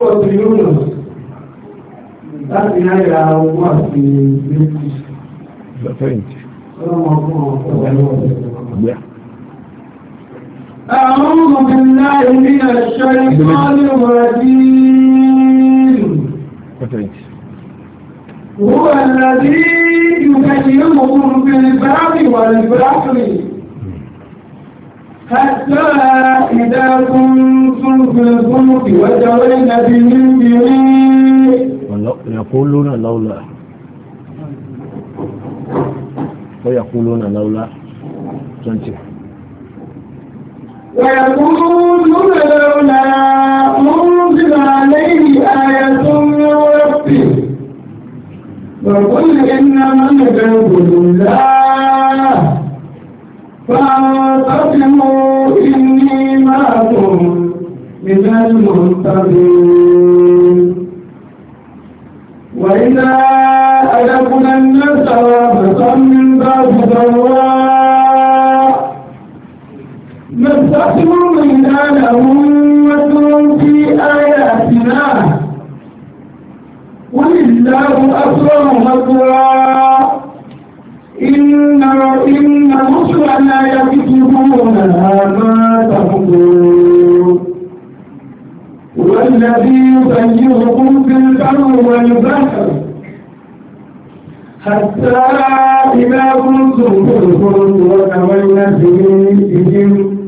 ó ti lónà láti náírà owó àti méjì أعوذ بالله من الشيطان الرجيم هو الذي يبينكم في الباب والبحر حتى إذا كنتم في الفلك وجرين بهم بريح يقولون لولا ويقولون لولا 20 ويقولون لولا أنزل عليه آية من ربه وقل إنما الكذب لله فانتصموا من المنتظرين وإذا أذقنا الناس رحمة من بعد ضراء من ميدانهم وترون في آياتنا قل الله أكبر مكرا الذي يسيركم في البر والبحر حتى إذا كنتم في الفلك وتولى بهم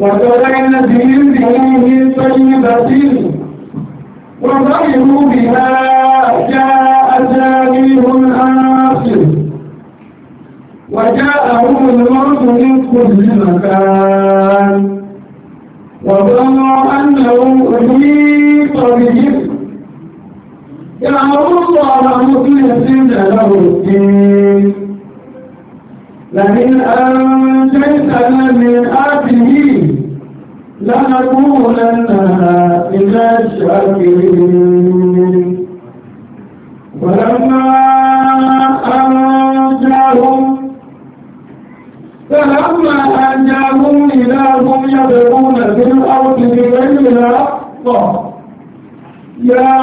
وتولى بهم بهم طيبة وظلموا بها جاء جاريه آخر وجاءهم الموت من كل مكان وظنوا أنه أحيط بهم يعبد الله مخلصين له الدين لئن أنجيتنا من آته لنكونن من الشاكرين فلما أن جاءهم إلههم يبغون في الأرض بغير الحق يا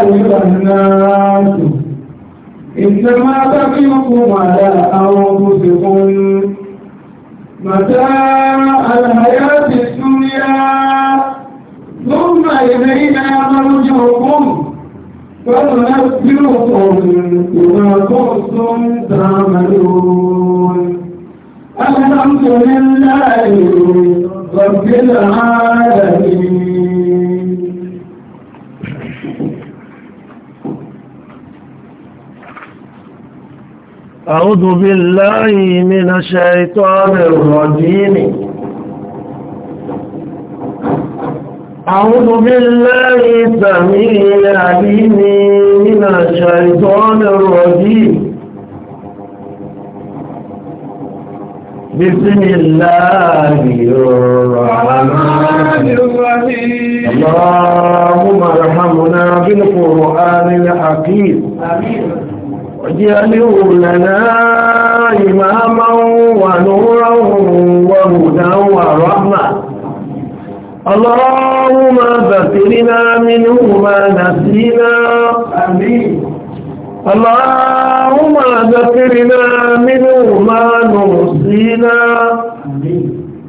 أيها الناس إنما بغيكم على أنفسكم متاع الحياة الدنيا ثم إلينا مرجعكم فننبئكم بما كنتم تعملون الحمد لله رب العالمين أعوذ بالله من الشيطان الرجيم أعوذ بالله السميع العليم من الشيطان الرجيم بسم الله الرحمن الرحيم اللهم ارحمنا بالقرآن الحكيم واجعله لنا إماما ونورا وهدى ورحمة اللهم ذكرنا منه ما نسينا آمين اللهم ذكرنا منه ما نرسينا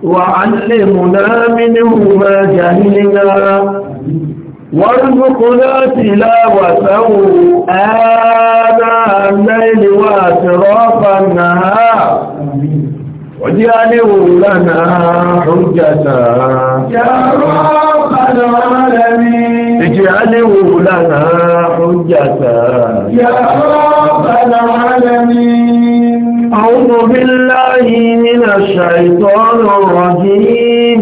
وعلمنا منه ما جهلنا وارزقنا تلاوته آناء الليل وأطراف النهار واجعله لنا حجة يا رب العالمين اجعله لنا يا رب العالمين أعوذ بالله من الشيطان الرجيم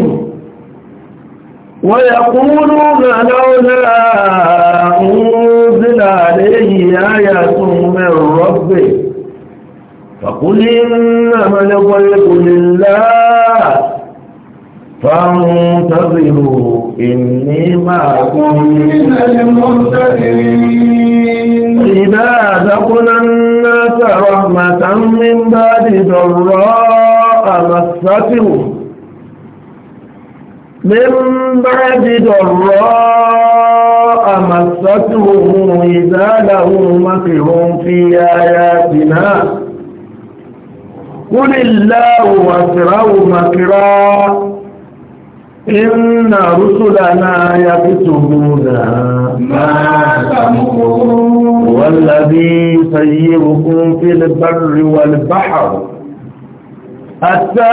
ويقولون لولا أنزل عليه آية من ربه فقل إنما الغيب لله فانتظروا إني معكم من المرسلين إذا دخل الناس رحمة من بعد ضراء مستهم من بعد ضراء مستهم إذا لهم مكر في آياتنا قل الله أسرع مكرا إن رسلنا يكتبون ما تمكرون والذي يسيركم في البر والبحر حتى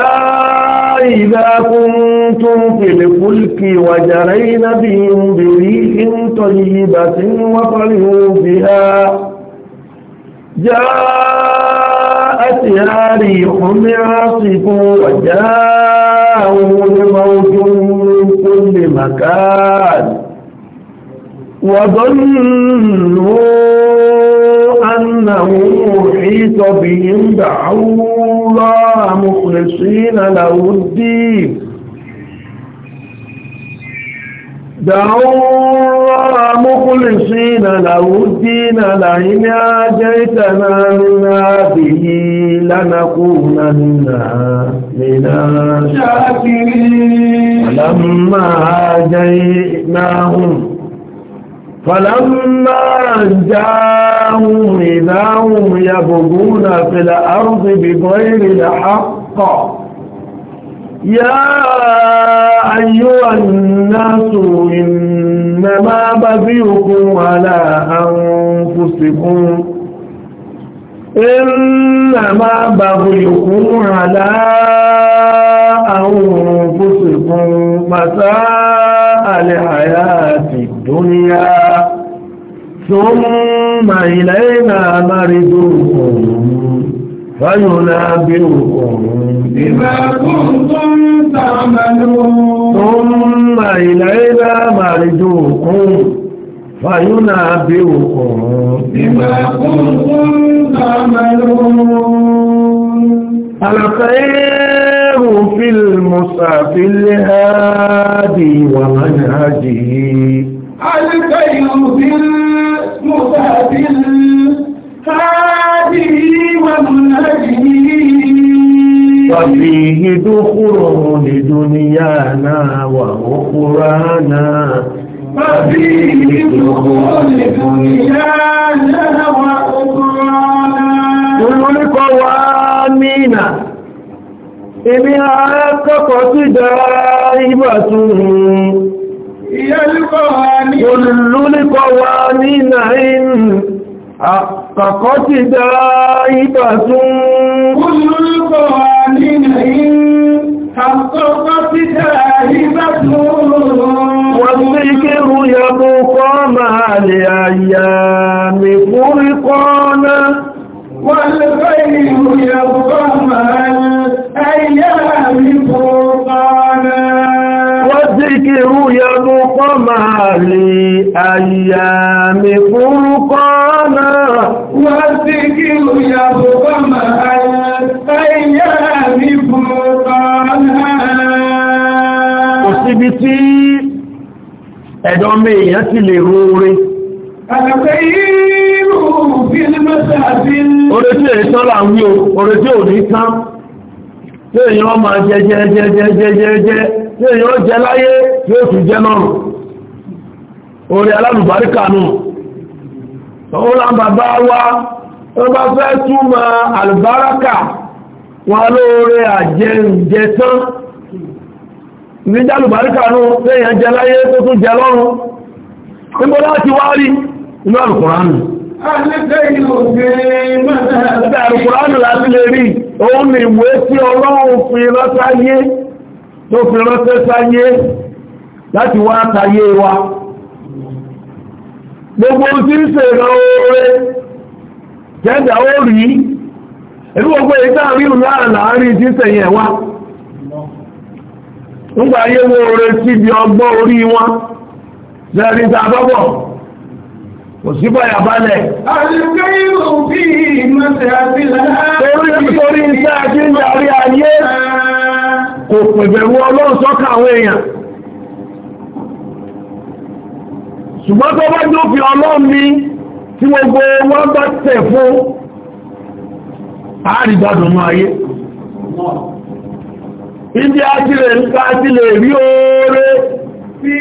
إذا كنتم في الفلك وجرين بهم بريح طيبة وطلعوا بها جاءتها ريح عاصف وجاءوا بموت المكان وظنوا أنه محيط بهم دعوا الله مخلصين له الدين دعوا مخلصين له الدين لئن أجيتنا من هذه لنكونن من الشاكرين فلما آتيناهم فلما جاءهم إذا هم يبغون في الأرض بغير الحق يا أيها الناس إنما بغيكم على أنفسكم إنما بغيكم على أنفسكم مساء الحياة الدنيا ثم إلينا مرجوكم فينابئكم بما كنتم تعملون ثم إلينا مرجوكم فينبئكم بما كنتم تعملون الخير في المصحف الهادي ومنهجه الخير في المصحف فيه دخول لدنيانا وأخرانا ففيه دخول لدنيانا وأخرانا قوامينا إبها كقصد دائبة يلقى كل القوامين عند àkọ́kọ́ ti dá ibà tún kúrúkọ nínú àkọ́kọ́ ti dá ibà tún wọ́n ní kéru yàbò kọ́ máa lè mi fúrí kọ́ náà wọ́n lè fẹ́ ìrù yàbò kọ́ máa يذوقما لأيام فرقانا والذكر يذوقما لأيام فرقانا Òsíbi tí ẹ̀dọ́ mi èèyàn ti lè rú orí. Àgbẹ̀ irú bí ní mẹ́ta bí ní. Orí tí èyí tọ́lá ń wí o, orí tí ò ní tán. Tí èèyàn máa jẹ jẹ jẹ jẹ jẹ jẹ jẹ. tí èyàn jẹ láyé tí ó fi jẹ lọ́rùn orí alálùbárí kanú àwọn olàmbàbá wa wọ́n bá fẹ́ túmọ̀ àlùbáràkà wọn lóore àjẹǹjẹ tán ìrìnjálùbárí kanú tí èyàn jẹ láyé tó tún jẹ lọ́rùn nígbó láti wá rí inú àlùkùránù àlùkùránù láti lè rí òun ni ìwé tí ọlọ́run fi lọ́sáyé tó fi ránṣẹ́ sáyé láti wá tayé wa gbogbo tí ń ṣe ìran oore jẹ́dà ó rí ẹ̀rú gbogbo ìta ríhùn láàrín tí sẹ̀yìn ẹ̀wá nígbà ayé wo oore síbi orí wọn lẹ́rin ta bọ́bọ̀ kò sí báyà balẹ̀ kò pẹ̀bẹ̀rù ọlọ́run sọ́kà àwọn èèyàn ṣùgbọ́n tó bá jó fi ọlọ́run ní tí gbogbo wọ́n bá tẹ̀ fún àrígbádùn máa yé ìdí ajílẹ̀ nípa ajílẹ̀ rí oore tí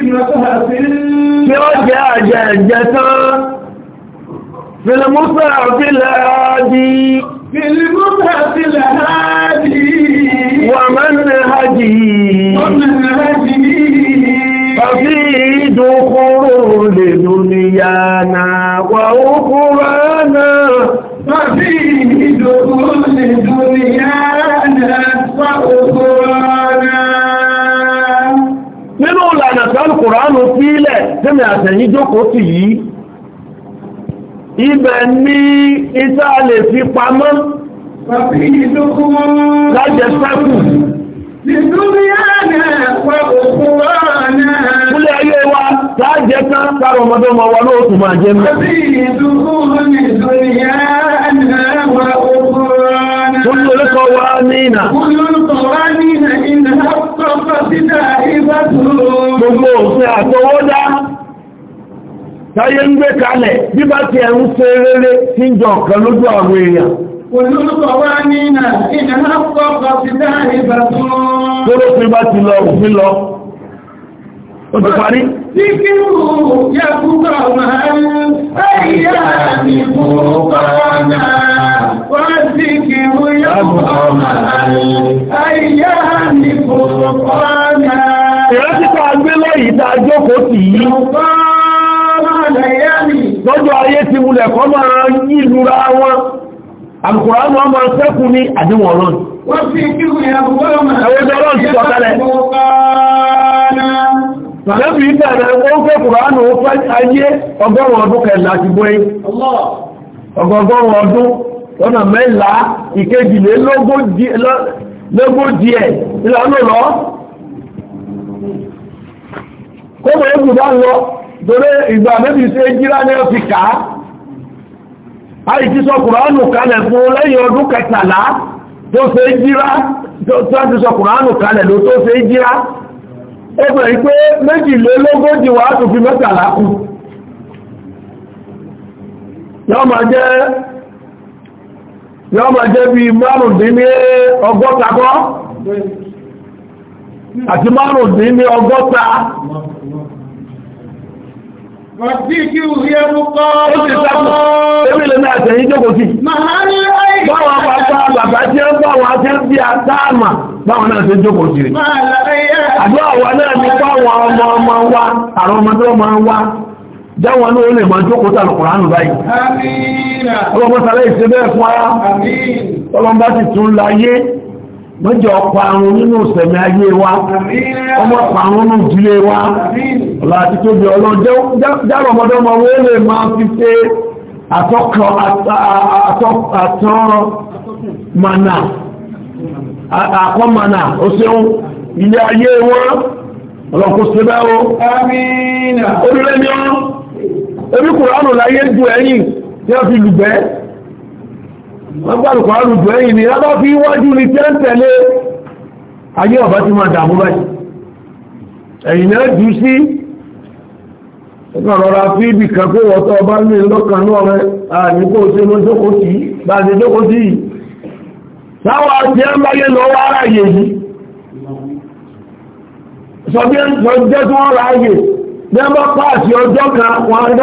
ó jẹ́ àjẹ́ ẹ̀jẹ́ tán fìlìmúsà fìlẹ̀ ààdì fìlìmúsà fìlẹ̀ ààdì ومنهجه ففي دخول دنيانا وأخرانا ففي دخول دنيانا وأخرانا nínú ìlànà tí alukùránù sílẹ̀ tẹ́mì àtẹ̀yìn jókòó sí yìí ibẹ̀ ní ìta Lájẹ sẹ́kù. Kúlé ayé wa, lájẹ tán káàrọ̀ ọmọdé ọmọ wa lóòtù máa jẹ mẹ́. Kúlé olókọ wa ní ìnà. Kúlé olókọ wa ní ìnà ìnà ọkọ̀ síta ìbátò. Gbogbo òfin àtọwọ́dá táyé ń gbé kalẹ̀ bí bá ti ẹ̀ ń ṣe rere tí ń jọ ọ̀kan lójú àwọn èèyàn. Pẹ̀lú kọ̀wá ní náà, ìdáná pọ̀ kọ̀ sí dáàrí ìbàtún. Lóró fi bá ti lọ òfin lọ. Ó ti parí. Síkírù yẹ púpọ̀ máa ń ẹ̀yà mi púpọ̀ náà. Wọ́n síkírù yẹ púpọ̀ máa ń ẹ̀yà mi púpọ̀ náà. Ìrántí tá a gbé lọ́yìí tá a jókòó tì í. Lọ́jọ́ ayé ti mulẹ̀ kọ́ máa ń yí lura wọn alukùránù wọn máa sẹ́kù ní àdéhùn ọlọ́run wọ́n fi kíkù ní ọgọ́gọ́rùn ọdún lọ́nà mẹ́lá ìkejìlélógójì ẹ̀ ìlànà lọ kó mọ̀ ébùdá lọ torí ìgbà mẹ́bí sí jíra ní ọ́fíkà àìsí sọ kùránù kalẹ̀ fún lẹ́yìn ọdún kẹtàlá tó ṣe jíra tó ti sọ kùránù kalẹ̀ ló tó ṣe jíra ó bẹ̀rẹ̀ pé méjìlélógójì wà tó fi mẹ́tàlá kù yọ́ máa jẹ́ yọ́ máa jẹ́ bí márùndínní ọgọ́ta kọ́ àti márùndínní ọgọ́ta Bọ̀díkì òhìẹ́ mú kọ́. Ó ti sábà. Èmi lè ní àtẹ̀yìn jókòó sí. Màá ní àyè. bàbá tí ń ń bí báwọn náà ti ń jókòó sí wa náà ní báwọn ọmọ ọmọ wa, àwọn jáwọn ní lè mọ́jọ ọ̀pọ̀ àrùn nínú ìsẹ̀mẹ̀ ayé wa ọmọ pàrún nínú ìdílé wa láti tó bí ọlọ́jọ́ járọ̀ ọmọdọ́mọ owó lè máa fi ṣe àkọ́mọ̀nà ó ṣeun ilé ayé wọn ọlọ́kù síbẹ̀ o orílẹ̀-èdè orí kùránù láyé ju ẹ̀yìn tí wọ́n fi lùgbẹ́ wọ́n gbàlùkọ̀ àrùjọ ẹ̀yìn ni lábá fi wájú ní tẹ́ tẹ̀lé ayé ọ̀bá ti máa dàmú báyìí ẹ̀yìn náà jù sí ọ̀rọ̀ra fi ibì kan kó ọba ní lọ́kàn náà àníkó ṣe jókòó sí bá ṣe jókòó sí yìí àti ara yè yìí sọ bí jẹ́ tí wọ́n bí bá pààsì ọjọ́ kan wọ́n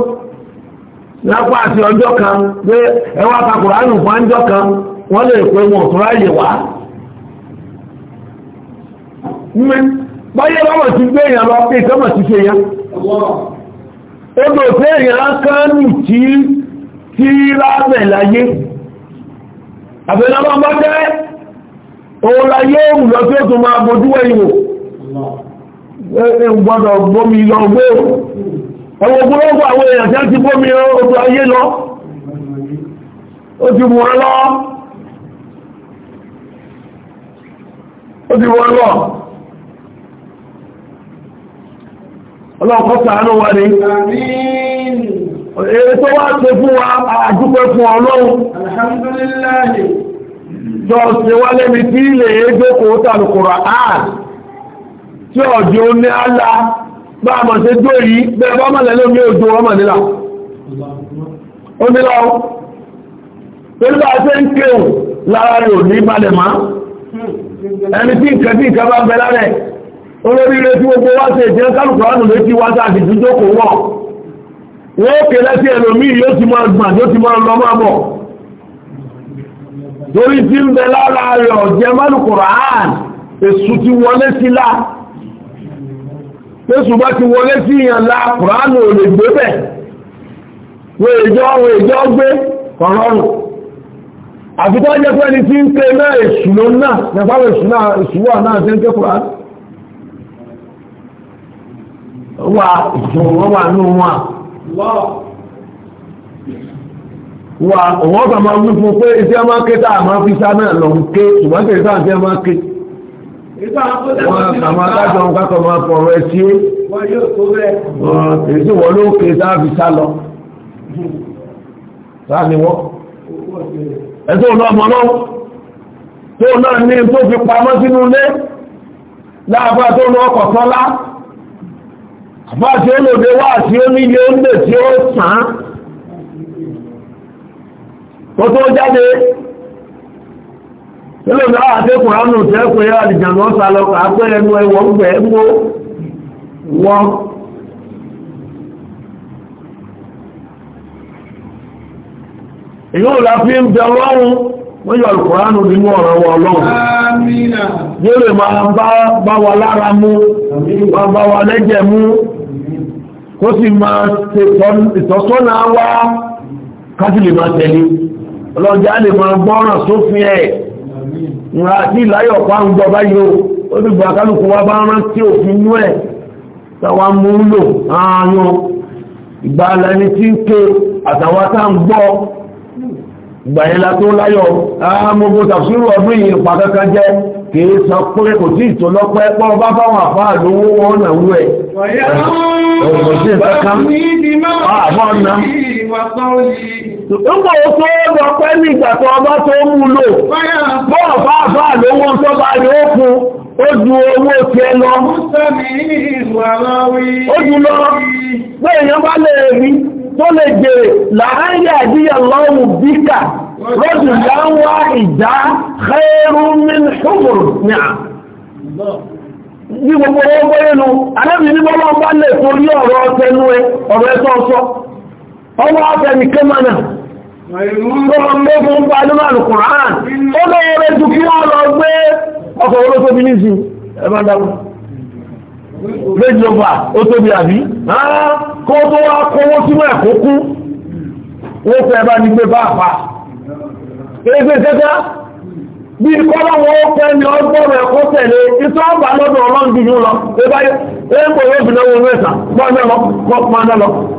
á lápá àti ọjọ́ kan pé ẹwà kakùrọ̀ àrùn fún àjọ kan wọ́n lè pé wọn tó ráyè wá. báyé báwọ̀ ti gbé èèyàn lọ pé ìkọ́mọ̀ ti ṣe yá odò tí èèyàn kánù tí tí lábẹ̀ láyé bá òun láyé òun lọ tí ó tún ọwọ́ ogunlọ́gbọ̀ àwọn èèyàn tí a ti bómi ogun ayé lọ ó ti wọ́n lọ ó ti wọ́n lọ ọlọ́pọ̀ sàánú wa ni èrè tó wá ṣe fún wa àdúpẹ́ fún ọlọ́run alhamdulillah ṣe wá lẹ́mi tí ilẹ̀ ẹgbẹ́ kò tàbí kòrò àà tí ní bá àmọ̀ ṣe dúró yìí bẹ́ẹ̀ bá mọ̀lẹ́ lómi òjò ọmọ nílà ó nílà ó pẹ̀lú bá ṣe ń kéwù lára rẹ̀ ò ní balẹ̀ má ẹni tí nǹkan tí nǹkan bá bẹ lárẹ̀ olórí ilé tí gbogbo wá ṣe ìjẹ́ kálùkù ránù létí wá sáà dìjú jókòó wọ̀ wọ́n ó kéré sí ẹlòmíì yóò ti máa gbà yóò ti máa lọ máa bọ̀ torí tí ń bẹ lára rẹ̀ ọ̀jẹ́ mọ́lùkù ránù èsù ti wọlé tó ṣùgbọ́n ti wọlé sí ìyàn la kùránù ò lè gbé bẹ̀ wọ́n èjọ́ wọ́n èjọ́ gbé kọ̀rọ̀rùn àti tó jẹ́ pẹ́ni tí ń pè náà èṣùlò náà nàfàwọ̀ èṣùwà náà tí ń ké kùránù wà ìṣòwò wà ní wọn wà òwò ọ̀gá máa wí fún pé iṣẹ́ máa ké tá a máa fi sá náà lọ ké ṣùgbọ́n kèrè sáà ń fẹ́ máa ké Wọ́n àmà adájọ́ wọn kákọ̀ máa fọ̀rọ̀ ẹtí ó. Wọ́n yóò tó bẹ́ẹ̀. Èyí wọ́n ló ké sáàbì sá lọ. Sáà ni wọ́n. Ẹ̀sùn ọ̀nà ọmọ náà. Tó náà ní tó fi pamọ́ sínú ilé. Láàbá tó lọ ọkọ̀ sọ́lá. Àbá tí ó lòdè wá àti ó níye ó tí ó sàn án. Tó tó jáde. ilé ìjọba àti kùránù tí ẹ pé àdìjànà ọ̀sà lọ kà á pé ẹnu ẹwọ̀ ń bẹ̀ ń wó ìyóò la fi ń bẹ ọlọ́run wọ́n yọ alùkùránù nínú ọ̀rọ̀ wọn ọlọ́run. yóò lè máa bá wa lára mú bá wa lẹ́jẹ̀ mú kó sì máa ìtọ́sọ́nà ká ní ìláyọ̀ fáwọn jọba yóò ó ti gbà kálùkù wá bá rán tí òfin nú ẹ̀ tàwa mú lò ààyàn ìgbà lẹni tí ń ké àtàwọn tá ń gbọ́ ìgbà yẹn la tó láyọ̀ àmúgbò tàfsírù ọdún yìí pa kankan jẹ́ kìí sọ pé kò tí ìtò lọ́pẹ́ pọ́ bá fáwọn àfáà lówó wọn náà wú ẹ̀ Nígbà wo tó lọ pẹ́ ní ìgbà tó ọba tó mú lò, bọ́ọ̀ bá bá lówó tó bá rí ó fún, ó ju owó ti ẹ lọ. Ó jù lọ, pé èèyàn bá lè rí tó lè jèrè làáyà àdíyà lọ́wọ́ bíkà, lọ́dù láwá ìdá khairu min humur náà bí gbogbo ọgbọ́ ẹnu alẹ́bìnrin bọ́lọ́ bá lè torí ọ̀rọ̀ ọ̀tẹnu ẹ ọ̀rọ̀ ẹ̀tọ́ ọmọ ọ̀fẹ́ni kẹ́mọ̀nà ọmọdún pàdánù alùkùnrán ó lóore jù kí wọ́n lọ gbé ọkọ̀ olóso bí ní ìsìn ẹ̀mọ́ dáwọ́ méjìlọ́fà ó tó ẹ̀kọ́ tẹ̀lé ìtọ́ ọgbà lọ́dọ̀ lọ ẹgbẹ́ ẹgbẹ́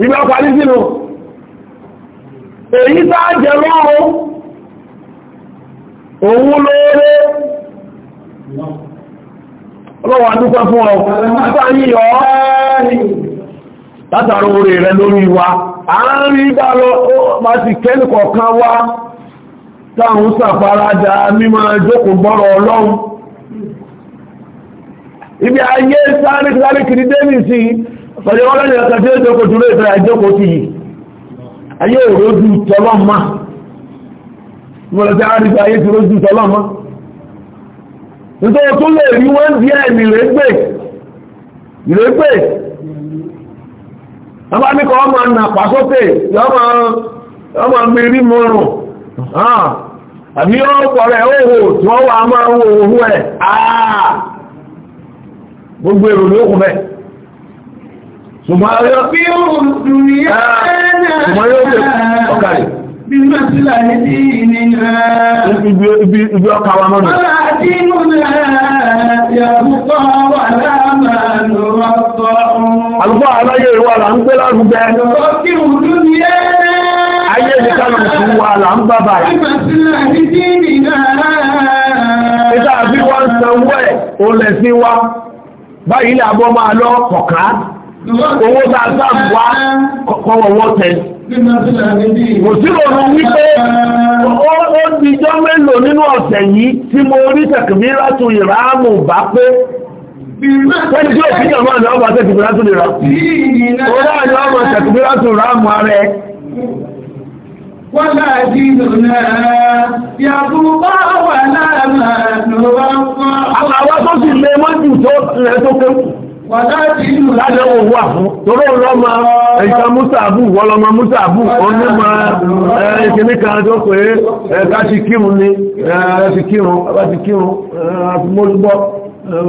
ìgbà parí sínú èyí tá jẹ òun lóore ọlọ́wọ́ adúgbà fún ọ látàrí yọ látàrí orí rẹ lórí wa a ń rí bá lọ ma ti kẹ́lù kọ̀ọ̀kan wá táwọn sàfaradà mímọ̀ jókòó gbọ́rọ̀ ọlọ́run ibi ayé sọ̀rọ̀ wọ́n lẹ́yìn ọ̀sẹ̀ tí ó jókòó dúró ìfẹ́ àjókòó sí yìí ayé òrójú tọlọ́mà mo lọ ayé tí ó jù tọlọ́mà nítorí tó lè rí wọ́n di ọmọ nà pàṣọ́tẹ̀ ọmọ mọ́rùn ah, àbí rẹ̀ Sùmọ́ yóò fi ọkàrẹ̀. Ibi ọkà wa mọ́nà. Àlùfọ́ aláyé ìwà là ń gbé lárúgbẹ. Ayé ìdíkàlù sí wà là ń bàbà. Ìta àbí wọ́n sanwó ẹ̀ olè sí wa. Báyìí làbọ́ máa lọ kọ̀ká owó tá a sáàbù wá kọ́wọ́wọ́ tẹ. Kò sí ronú wípé ó dijọ́ mélòó nínú ọ̀sẹ̀ yìí tí mo rí tẹ̀kìmí látò ìráàmù bá pé. Wọ́n tí ó fi ìjọba àjọ ọmọ tẹ̀kìmí látò ìráàmù. Òun náà ni ọmọ tẹ̀kìmí látò ìráàmù ara ẹ. Wọ́lá ìdínà yàgùnbá wà láàmà lọ́wọ́. Àwọn àwọn tó sì lè mọ́jú tó lẹ́ tó kéwù. Lájọ́ owó àfún, toró lọ́mọ ẹ̀ka Músàbù, wọ́lọ́mọ Músàbù, onímọ̀ ẹ̀kìní kan tó pé ẹ̀ká ti kírun ni, ẹ̀ká ti kírun, ẹ̀ká ti kírun, àfimọ́lúgbọ́,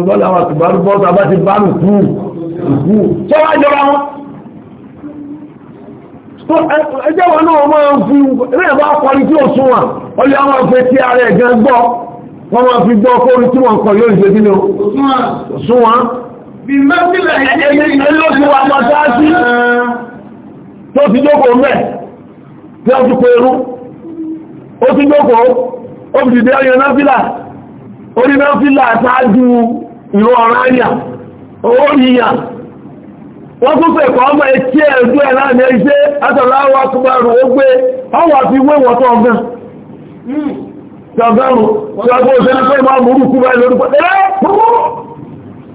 bọ́lá àwọn àtìbárúgbọ́, tàbá ti bá rùkú, rùkú, tó wá jọra wọn. Ẹjẹ́ wọn náà máa ń fi, ẹ̀rẹ́ bá kọrin tí ó súnwà, ọlẹ́ àwọn ọ̀fẹ́ tí ara ẹ̀gán gbọ́, wọ́n máa fi gbọ́ kórin tí wọ́n kọ yóò ìgbé tó ti jókòó mẹ́ tí ó ti pé irú ó ti jókòó ó fi owó yíyà wọ́n tún fẹ́ kọ́ ọmọ etí ẹ̀ẹ́dú ẹ̀ láàrin iṣẹ́ látọ̀láwọ́ akúgbàrù ó gbé ọwọ́ àti ìwé wọ̀tọ̀ ọ̀gán ṣọ̀gánrù ṣọ̀gbọ́n òṣèlú pé máa múrù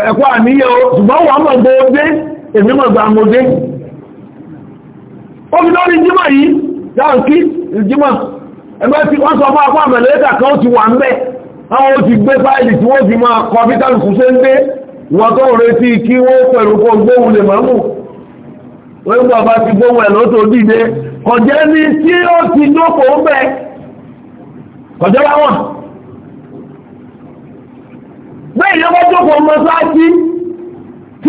ẹ̀kọ́ àníyẹ o ṣùgbọ́n wà mọ̀ gbọ́ dé èmi mọ̀ gbà mọ̀ dé ó fi lórí jímọ̀ yìí dáhùn kí jímọ̀ ẹgbẹ́ tí wọ́n sọ fún apá àmẹ̀lẹ́ta kan ó ti wà ń bẹ̀ àwọn ó ti gbé fáìlì tí wọ́n fi máa kọ̀mpútà lùkù ń gbé wọ́n tó retí kí wọ́n pẹ̀lú kó gbóhùn lè máa mú wọ́n gbọ́ bá ti gbóhùn ẹ̀ dìde kọ̀jẹ́ èèyàn bá jókòó mọ́ sáájú tí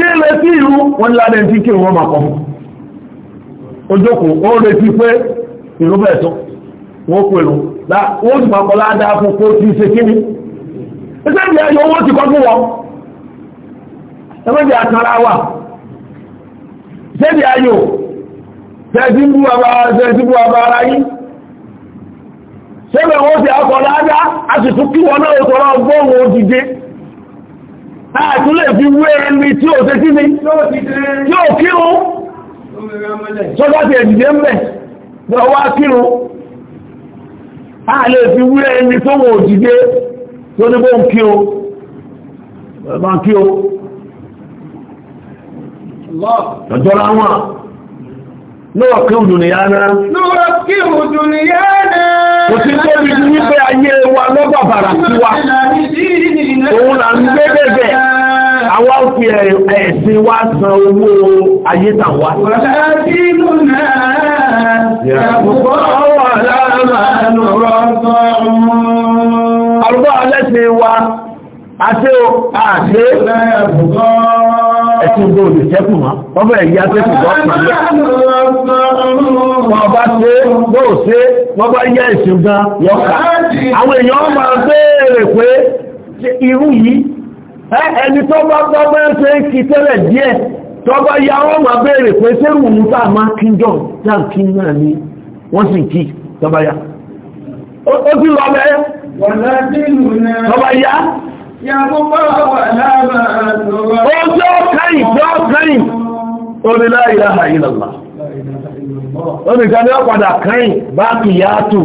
ń retí ìlú wọn ní ládẹ́ tí kí wọ́n máa kọ́ ojókòó ó retí pé ìlú bẹ̀ẹ̀ tó wọ́n pè lù wọ́n ti máa kọ́ ládàá fún kó ti ṣe kíni iṣẹ́ ìdí ayọ̀ owó ti kọ́ fún wọn ẹgbẹ́bí àtàrà wà iṣẹ́ ìdí ayọ̀ tẹ̀síbú àbá ara yìí ṣẹ́bẹ̀ wọ́n ti akọ̀ ládàá a sì tún kí wọn náà tọrọ gbóhùn òdìdé àtún lè fi wé ẹni tí ò tẹ́ kíni tí ò kírun sọ́dá ti ẹ̀dìdẹ́ ń bẹ̀ lọ́wọ́ kírun a lè fi wé ẹni tó wọ́n òdìdẹ́ tó ní bó ń kírun ẹ̀bá kírun lọ́jọ́ra wọn Lọ́wọ́kíhù dùnìyàná. Lọ́wọ́kíhù dùnìyàná. Kò sí tó bí i wípé ayé wa lọ́bàbàrà sí wa. Òun là ń gbé bẹ̀bẹ̀. Àwa ń fi ẹ̀sìn wa san owó ayé tàwa. Àrùbá alẹ́sìn wa, àti àti ẹ̀sìn gbòòlù sẹ́kùn mọ́. Wọ́n bẹ̀rẹ̀ yí afẹ́sùn gbọ́ pàdé wọ́n bá ṣe bóò ṣe wọ́n bá yẹ ìṣù gan yọkà àwọn èèyàn máa béèrè pé irú yìí ẹni tó bá gbọ́ bẹ́ẹ̀ ṣe kí tẹ́lẹ̀ díẹ̀ tó bá ya wọ́n máa béèrè pé sẹ́rù mú tá máa kí jọ náà kí náà ni wọ́n sì kí tó bá ya ó sì lọ bẹ́ẹ̀ tó bá ya ó jọ́ kẹ́yìn jọ́ kẹ́yìn orílẹ̀-èdè ìlàlá lónìkan ni wọ́n padà kẹ́yìn bá kìyàtù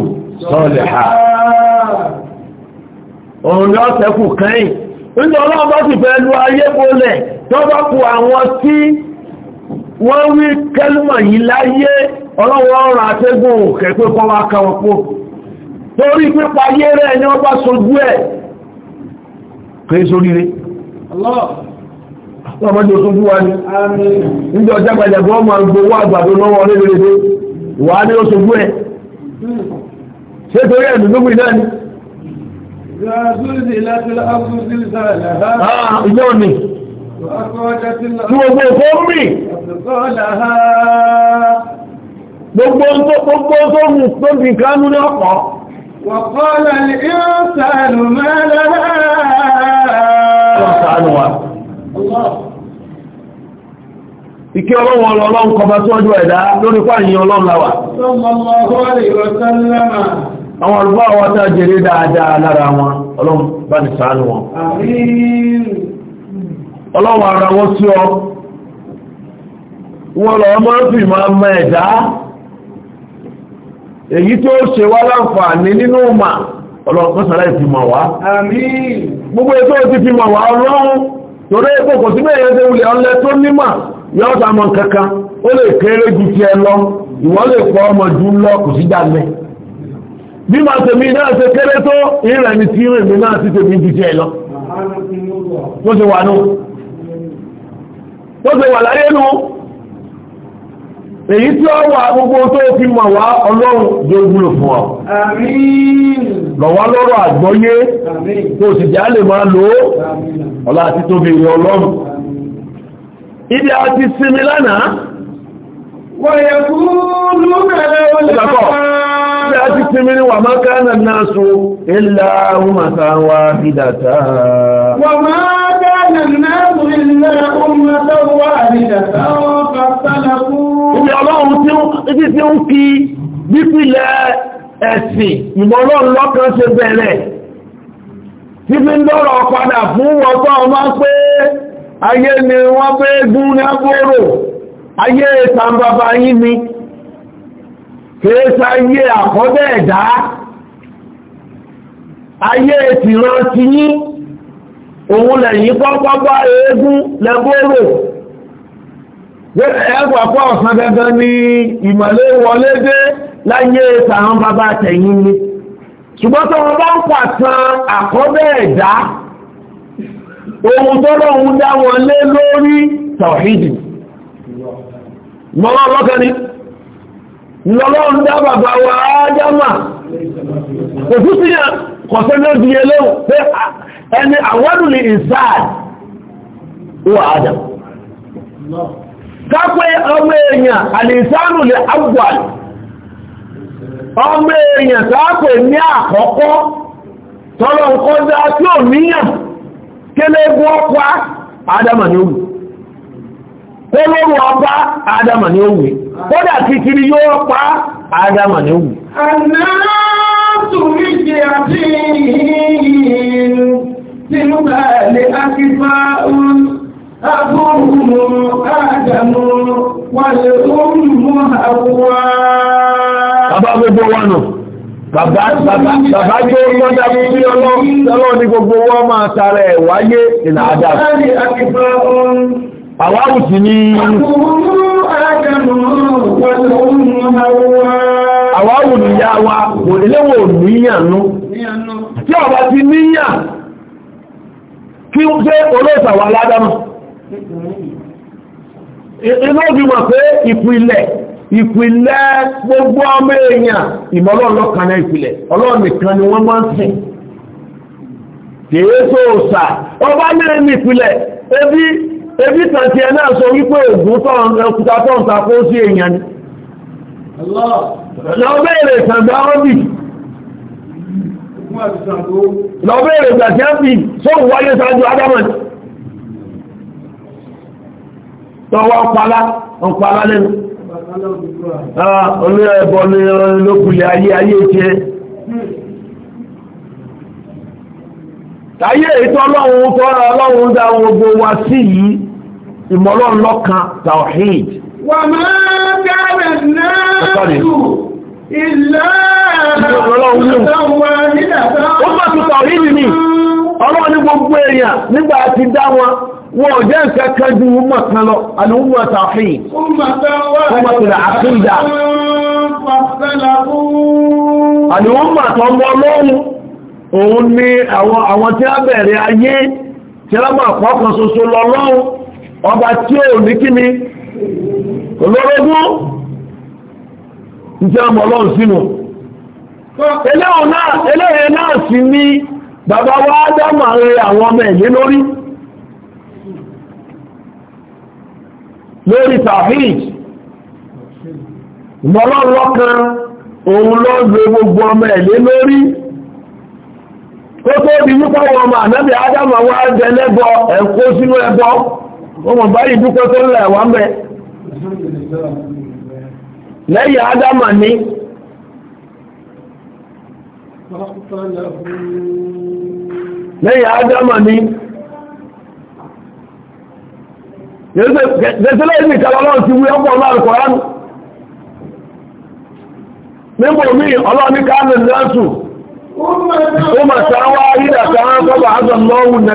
sọ́ọ̀lẹ̀ ha òun ni wọ́n tẹ́kù kẹ́yìn nítorí ọlọ́run bá sì fẹ́ lu ayé bolẹ̀ tó bá kù àwọn tí wọ́n wí kẹ́lùmọ̀ yìí láyé ọlọ́run ọ̀rọ̀ àtẹ́gùn òkè pé kọ́ wá káwọn pò torí pípa ayé rẹ̀ ni wọ́n bá sojú ẹ̀ kìí sóríire tí wọ́n mọ́jọ Wa fúwa ni níjọ jágbàjàgbọ́ ọmọ gbowó àgbàdo lọ́wọ́ lébèrèdè ìwà ni ó ṣojú ẹ̀ ṣé torí ẹ̀ dùdúgbì náà ni. Ah, ìjọ ni tí gbogbo èkó ń rìn gbogbo tó ń tó ń fi kánú ní ọ̀pọ̀. وقال الإنسان ما لها الله ìké ọlọ́wọ́ ọlọ́run kọba tó ẹ̀dá lórí fàyín ọlọ́run láwà àwọn olùgbọ́ àwọn tó jèrè dáadáa lára wọn ọlọ́run bá ní ṣàánú wọn ọlọ́run ara wọn sí ọ wọ́n lọ ọmọ fi máa mọ ẹ̀dá èyí ṣe wá láǹfààní nínú ọlọ́run tó mọ̀ wá gbogbo ètò mọ̀ wá ọlọ́run torí kò sí yọ́ sàmọ̀ kankan ó lè kéré jù ti ẹ lọ ìwọ́n lè pọ̀ ọmọ jù lọ kò sí jàmẹ́ bí ma tèmi náà ṣe kéré tó ìrìn mi ti rìn mi náà sí tèmi jù ti ẹ lọ tó ṣe wà nú tó ṣe wà láyé nú èyí tí ó wà gbogbo tó fi mọ̀ wá ọlọ́run yóò wúlò fún ọ lọ́wọ́ lọ́rọ̀ àgbọ́yé tó sì jẹ́ lè máa lò ọlá àti tóbi ìrìn ọlọ́run ibi a ti sinmi lánàá wọ̀nyẹ̀ fún lókẹ̀lẹ̀ olè Ibi a ti sinmi ni wà máa kánà náà so, ilá ọmọta wa bídàtà. Wà máa kánà náà so, ilá ọmọta wa bídàtà ọ̀pàtàlàkú. Ibi ọlọ́run tí ó ń fi bípìlẹ̀ ẹ̀sìn ìmọ̀ ọlọ́run lọ́kàn ṣe bẹ̀rẹ̀. Tí ń dọ́rọ̀ padà fún ọgbọ́n ọmọ pé ayé ni wọ́n fẹ́ gún ní agbóró ayé ìtàǹbàbà yìí ni kìí sáyé àkọ́bẹ̀ ẹ̀dá ayé ìtìran ti yín òun lẹ̀yìn pọ́pọ́pọ́ eégún lẹ́gbóró ẹgbà pọ̀ ọ̀sán dandan ni ìmọ̀lẹ́ wọlé dé láyé ìtàǹbàbà tẹ̀yìn ni ṣùgbọ́n tó wọn bá ń pàtàn àkọ́bẹ̀ ẹ̀dá ohun tọ́lọ̀ ń dá wọn lórí tàwàhídì mọ́lá lọ́kẹ́ni lọ́lọ́run dá bàbá wa ádámà kò tún síyà kọ̀sẹ́ lóbi eléhùn pé ah, ẹni àwọ́dùnlé ìsáàd wà ádám kápẹ́ ọmọ èèyàn àlèsánù lè agbàl ọmọ èèyàn kápẹ́ ní àkọ́kọ́ tọ́lọ̀ nǹkan dá tí ò níyàn kélébú ọkwá adama ni ó wù kólórù ọpá adama ni ó wù kódà yóò pa adama ni ó wù أبوهم آدم والأم هوى أبا بابا Bàbá bàbá bàbá jó lọ́dà sí ọlọ́ ní gbogbo wọ́n máa tààrẹ wáyé ìlà àdá. Àwárù sí ní àwárù ní yá wa, kò léwò níyànú. Tí ọba ti níyàn, kí ó jẹ́ olóòtàwà ládámà. Inú òbí mọ̀ pé ìpínlẹ̀ ìpìlẹ̀ gbogbo ọmọ èèyàn ìmọ̀ ọlọ́ọ̀lọ́kan náà ìpìlẹ̀ ọlọ́run nìkan ni wọ́n máa ń sìn kèéso òsà ọba lẹ́rìn ìpìlẹ̀ ebi ebi tàǹtì ẹ̀ náà sọ wípé ògùn tọ́n kó sí èèyàn ni. lọ bẹ́ẹ̀rẹ̀ ìtàǹdà ọ́bì lọ bẹ́ẹ̀rẹ̀ ìgbàtí ẹ̀ fi sóhùn lẹ́nu. Ah, oní ẹbọ ní ayé ayé jẹ́ ayé ìtọ́ ọlọ́run tọ́rọ ọlọ́run dá gbogbo wa sí yìí ìmọ̀lọ́run wà máa kẹ́rẹ̀ náà ìlà ọlọ́run ní ọ̀sán wa ọlọ́run ní gbogbo èèyàn nígbà tí dá wọn wọn ò jẹ́ nǹkan kan ju umar kan lọ àlùmọ́ tàfíì umar tó àlùmọ́ tó ni àwọn tí a bẹ̀rẹ̀ ayé tí a máa lọ ọba tí ní kí ni sínú náà bàbá wa dámà rẹ àwọn ọmọ ẹ̀yẹ lórí lórí tàfíìs ìmọ̀lọ́lọ́kan òun ló gbé gbogbo ọmọ ẹ̀lẹ́ lórí tó tó di wípọ́ wọn ọmọ ànábì ẹ̀kọ́ sínú ẹbọ ọmọ báyìí dúkọ́ tó lẹ̀ mẹ́ lẹ́yìn ní lẹ́yìn ádámà ní gẹ̀ẹ́sẹ̀lẹ́ ìkàlọ́lọ́rùn ti wí ọpọ̀ ọlọ́rùn kọ̀rán nígbò mí ọlọ́ni káàmì lẹ́sù ó mà sáwá ìdà káàmì sọ́bà azọ̀lọ́wù ọmọ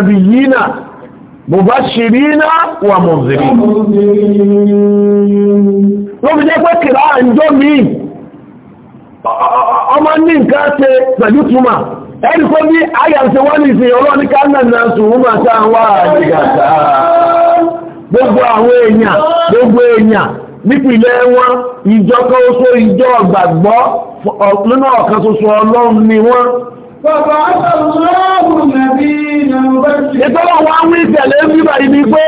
ní nǹkan ṣe pẹ̀lú túmọ̀ ẹni kó ní àyànṣe wọ́n ní ìsìn ọlọ́ni kánàlá sùúrùmà sáàwà àdìgàtà gbogbo àwọn èèyàn gbogbo èèyàn nípìnlẹ̀ wọn ìjọ oṣù ìjọ ọgbàgbọ́ lónà ọ̀kan ṣoṣo ọlọ́run ni wọ́n Bàbá ṣe. Ìtọ́lọ̀ ibi pé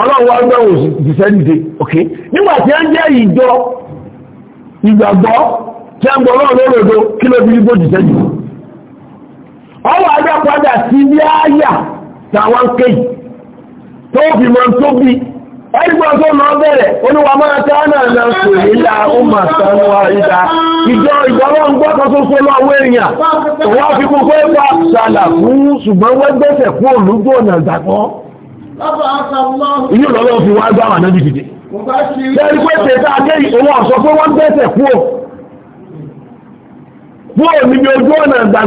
ọlọ́run Nígbà tí a ń jẹ́ ìjọ ìgbàgbọ́ tí a ń gbọ́ ọlọ́run kí ló Ọ bụ padà sí ilé ayà táwọn kéyì tó fi mọ́ tobi. bí ẹgbẹ́ na mọ́ bẹ̀rẹ̀ olúwa máa tá na náà sò nílá ó mà sánú àrídá ìjọ ìjọwọ́ ń gbọ́ kan ṣoṣo lọ́wọ́ èèyàn fi wá gbá wà ìwọ pé ojú ọ̀nà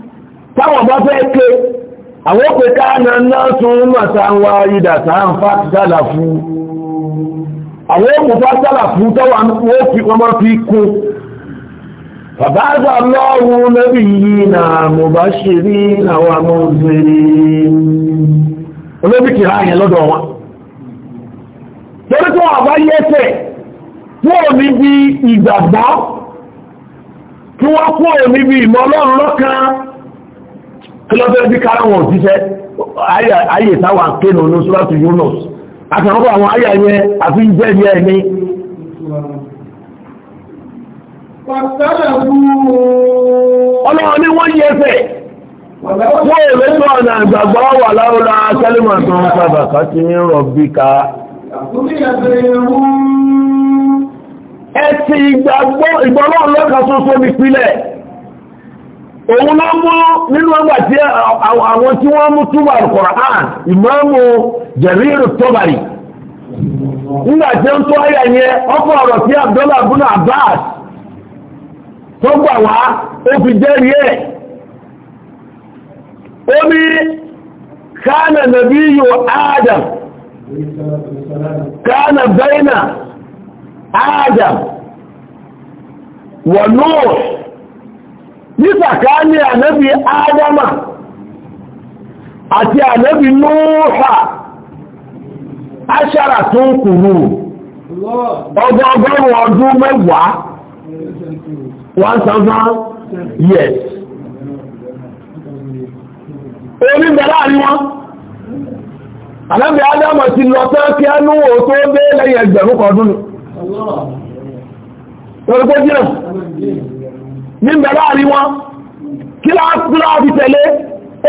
táwọn bá fẹ́ ké àwọn òpè káàna náà tún màtà ń wá ìdà sáà ń fàtàlà fún àwọn òpè fàtàlà fún tọ́wà wọ́n fi ọmọ fi kún فبعث الله نبيين مبشرين ومنذرين olóbi kìrá yẹn lọ́dọ̀ wọn torí tó àbá yẹ́sẹ̀ tí ó níbi ìgbàgbọ́ tí wọ́n kúrò níbi ìmọ̀ Ọlọ́run lọ́kan kílọ́fẹ́ bí káwọn òjíṣẹ́ ayé táwà kéènà ní ṣúlátù Yunus àtàwọn àwọn ayé ayé àfi jẹ́ ní ẹni ọlọ́wọ́ ní wọ́n yẹ fẹ́ wọ́n èrè tó ọ̀nà ìgbàgbọ́ wà láwọ́lá kẹ́lìmọ̀ tó ń sábà kàtí ní rọ̀bí ká ẹ̀sìn ìgbàgbọ́ ìgbọ́lọ́ ọlọ́kà tó sóbi pílẹ̀ òun ló mú nínú ọgbà tí àwọn Al-Qur'an Ìmáàmù Jariru Tọ́bàrì nígbà tí ó ń tó ayà yẹn ọkọ̀ ọ̀rọ̀ sí Abdullahi abúlé Abbas tó gbà wá ó fi ẹ̀ ó ní kánà Adam kánà bẹ́ẹ̀nà Adam ní sàkáání ànábì ádámà àti ànábì nóòfà aṣára tó ń kùrù ọgọgọrùn ọdún mẹ́wàá one thousand years orí bẹ̀rẹ̀ àríwọ́n ànábì ádámà ti lọ tán kí á ní òó tó dé lẹ́yìn ẹgbẹ̀rún kan ọdún ni Lọ́rọ̀kọ́ jìnà. ní bẹ̀rẹ̀ àrí wọn kí láàá fi tẹ̀lé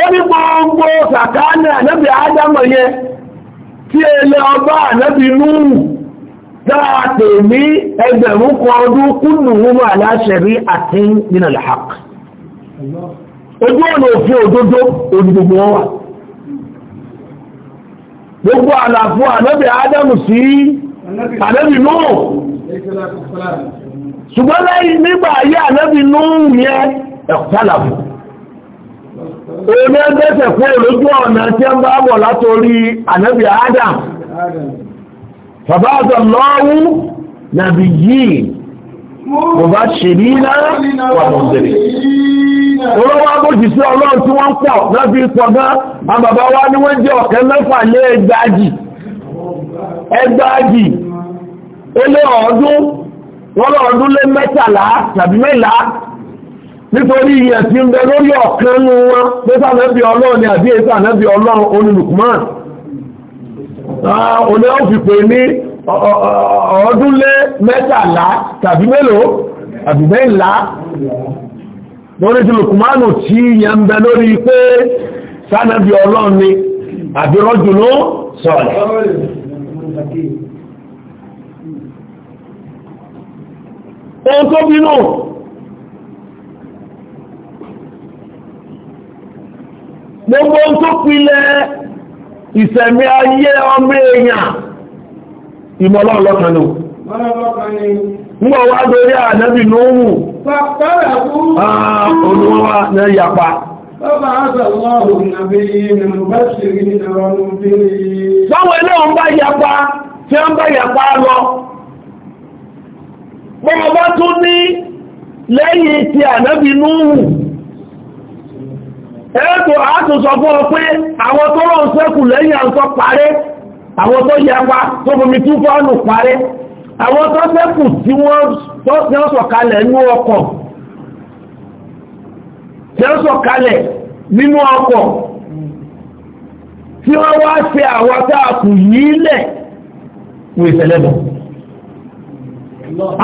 ó ní gbogbo sàkáánì ànábì ádámọ̀ yẹ tí ẹlẹ́ ọba ànábì núù dáàtè ní ẹgbẹ̀rún kan ọdún kúnnù húnmọ̀ aláṣẹ̀rí àti nínú ṣùgbọ́n lẹ́yìn nígbà ayé ànábì núhùn yẹn ẹ̀kọ́tàlàbù èmi ẹgbẹ́sẹ̀ fún olójú ọ̀nà tí ń bọ̀ látorí ànábì Adam bàbá àtọ̀ lọ́wọ́ nàbì yìí kò bá ṣe ní náà wà mọ̀ bẹ̀rẹ̀ olówó agbójì sí ọlọ́run tí wọ́n pọ̀ láti pọ̀ gan ó lé ọ̀ọ́dún wọ́n lọ ọdún lé mẹ́tàlá tàbí mẹ́lá nítorí iye tí ń bẹ lórí ọ̀kan nínú wọn pé sànẹ́bí ọlọ́run ni àbí èsì ànẹ́bí ọlọ́run olùlùkùmọ́n òní ó fi pè ní ọdún lé mẹ́tàlá tàbí mélòó tàbí mẹ́lá lórí ti lùkùmọ́nù tí iye ń bẹ lórí pé sànẹ́bí ọlọ́run ni àbí rọ́jùlọ́ sọ̀rọ̀ ohun tó bínú gbogbo ohun tó pilẹ̀ ìsẹ̀mí ayé ọmọ èèyàn ìmọ̀lá ọlọ́kan ni wá lórí ànábì lóhùn olúwa ní yapa Báwọn ilé òun yapa, tí ó yapa lọ, bọ́ọ̀bá tó ní lẹ́yìn ti ànábì núhù ẹ́ẹ̀tò àátùsọ fún ọ pé àwọn tó rọ̀ sẹ́kù lẹ́yìn àǹsọ parẹ́ àwọn tó yapa tó bomi tú fọ́ọ̀nù parẹ́ àwọn tó sẹ́kù tí wọ́n sọ̀kalẹ̀ nínú ọkọ̀ tí wọ́n sọ̀kalẹ̀ nínú ọkọ̀ tí wọ́n wá ṣe àwọn táàkù yìí lẹ̀ wèsẹ̀lẹ́bọ̀n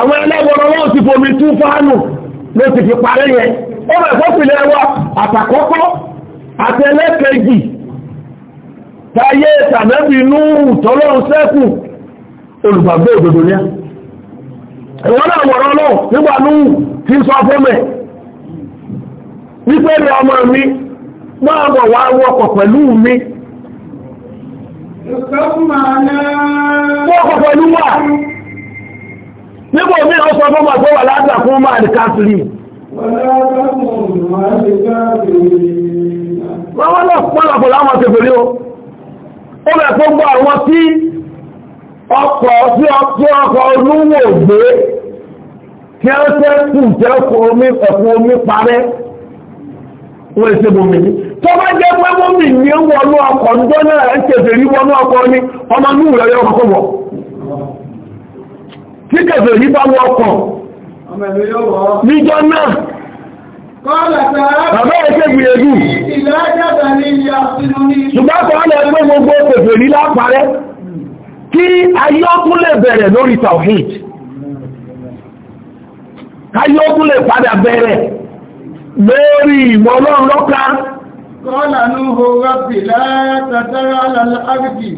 àwọn ẹlẹ́gbọ̀n wọn ti fomi tún fáánù ló ti fi parẹ́ yẹn ó bẹ̀ fọ́pìlẹ̀ wa àtàkọ́kọ́ àtẹlẹ́kẹ̀jì táyé tàbẹ́bì núhù tọ́lọ́run sẹ́kù olùgbàgbé òdòdó ní ẹ̀wọ́n náà wọ̀rọ̀ náà nígbà núhù tí sọ fọ́mẹ̀ wípé rẹ̀ ọmọ mi máa bọ̀ wá wọ́pọ̀ pẹ̀lú mi wọ́pọ̀ pẹ̀lú wà nígbà omi ọ̀sọ̀ fún ọmọ tó wà látà fún ọmọ àdìkásílì wọ́n wọ́n lọ pọ́lọ̀pọ̀ láwọn tẹ̀fẹ̀lẹ́ o ó bẹ̀ tó gbọ́ àwọn tí ọkọ̀ tí ọkọ̀ olúwò gbé kí ó tẹ́ kù tẹ́ ẹ̀kùn omi parẹ́ wọ́n èsè bomi ní tó bá jẹ́ pé bomi ní wọnú ọkọ̀ ń dọ́nà ẹ̀ tẹ̀fẹ̀lẹ́ wọnú ọkọ̀ ní ọmọ inú rẹ̀ yọ tí kẹfẹ̀ yí bá wọ ọkọ̀ níjọ́ náà bàbá ẹ̀ṣẹ́ gbìyànjú ṣùgbọ́n kọ́ lẹ pé gbogbo kẹfẹ̀ rí lápàárẹ́ kí ayọ́kún lè bẹ̀rẹ̀ lórí tawhid káyọ́kún lè padà bẹ̀rẹ̀ lórí ìmọ̀ ọlọ́run lọ́ka Kọ́lá ní ọ̀rọ̀ rábì látàtàrà alàlágbì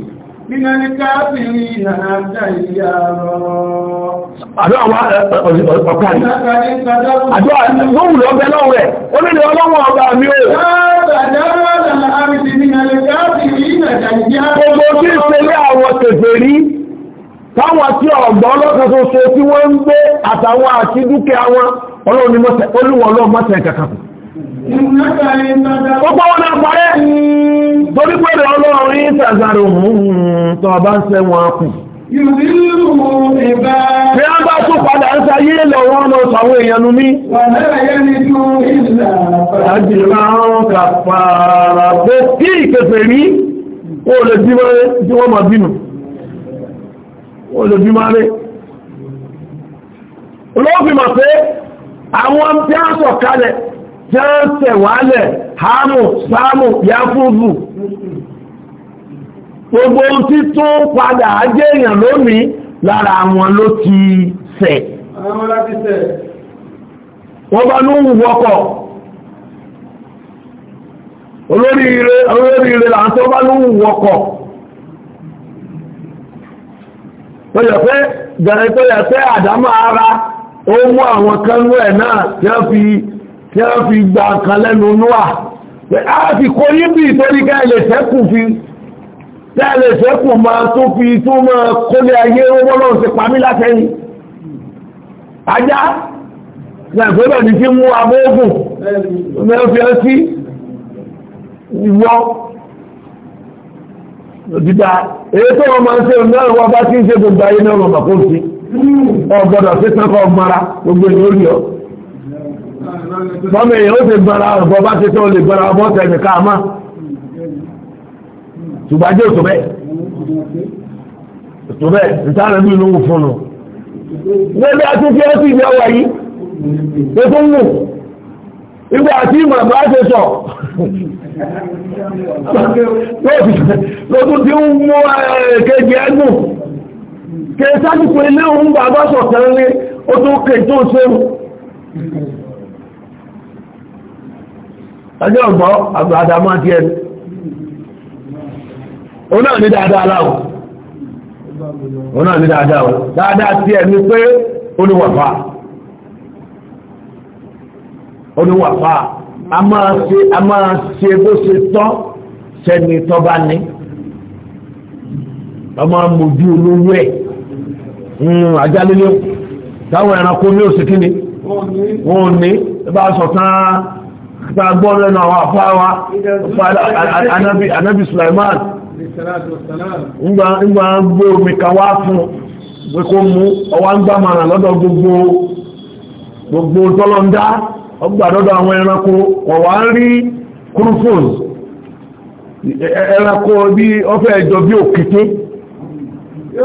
nínú ní káàkiri ìrìnàjá ìyá rọ. Àdó àwọn ọ̀kàrí. Àdó àwọn òwúrọ̀ ọbẹ̀ lọ́wọ́ ẹ̀, ó lè lè ọlọ́wọ́ ọba mi ó. Gbogbo tí ìṣẹ́lẹ̀ àwọn tẹ̀fẹ̀ rí, táwọn tí ọ̀gbọ́n lọ́kàtọ̀ tí wọ́n ń gbé àtàwọn àti dúkẹ́ àwọn ọlọ́run ni mọ́sẹ̀, olúwọ̀ ọlọ́run mọ́sẹ̀ kàkàkùn. Gbogbo wọn náà parẹ́. Torí pé rẹ̀ ọlọ́run ń ṣàzàrò tó a bá ń sẹ́ wọn kù. Bí a bá tún padà ń sayé lọ wọ́n lọ sàwọn èèyàn nu mí. Àjìlá ń kàfàrà bó kí ìkẹfẹ̀ rí, ó lè bí wọ́n máa bínú. Ó lè bí máa rí. Olóòfin mọ̀ pé àwọn tí a sọ̀ kalẹ̀ jẹ́ẹ̀sẹ̀ wálẹ̀ hàmù sáàmù yáfúrú gbogbo tí tó padà ajé lónìí lára àwọn ló ti ṣẹ̀ wọ́n bá ní òun wọ́kọ̀ olórí ire là ń tó bá ní òun wọ́kọ̀ tó àdámọ́ ara ó mú àwọn fi tí a fi gba kan lẹ́nu níwà a fi kó yíbi ìtorí ká ilẹ̀ sẹ́kù fi tí a lè sẹ́kù máa tó fi tó máa kólé ayé owó náà ti pa mí látẹ́yìn ajá nàìjíríà ní fi mú abóògùn mẹ́fẹ́ sí ìwọ́ dídá èyí tó wọ́n máa ń ṣe ìrìnlẹ́rìn wọ́n bá tí ń ṣe gbogbo ayé náà lọ́mà kó sí ọgbọ́dọ̀ sí sẹ́kọ̀ọ́ mara gbogbo ènìyàn bọ́mọ èèyàn ó ti gbọ́ra ọ̀bọ̀ bá ti tó lè gbọ́ra ọmọ tẹ̀lé káàmá ṣùgbọ́n ajé òtò bẹ́ẹ̀ òtò bẹ́ẹ̀ ìtàn ẹ̀mí ló ń fún un lórí atúntí ẹ̀ sì ní ọwọ́ yìí tó tún wù ìgbà àti ìmọ̀ bá ṣe sọ lọ́dún tí ń mú ẹ̀ẹ́kẹ́jì ẹgbùn kẹ́ẹ̀sáàkùn ilé òun bàbá sọ̀tẹ̀ ń lé ó tó kẹ́ tó ṣe ọjọ́ ọgbọ́ àgbàdàmọ́ àti ẹni òun náà ní dáadáa láwọ̀ òun náà ní dáadáa wọ̀ dáadáa tí ẹni pé oníwàfà oníwàfà a máa ṣe a máa ṣe bó ṣe tọ́ sẹ́ni tọ́ bá ní ọmọ mojú olówó ẹ̀ hmm, ajálélé táwọn ẹranko ní òsì kíni wọn ní bá sọ tán gbàgbọ́ lẹ́nu àwọn a anábì Sulaiman ńgbà gbé omi kan wá fún pé kó mú ọwá ń gbà màrà lọ́dọ̀ gbogbo gbogbo tọ́lọ́ndá ọgbà lọ́dọ̀ àwọn ẹranko ọ̀wá ń rí ẹranko bí ọfẹ́ ẹjọ bí òkété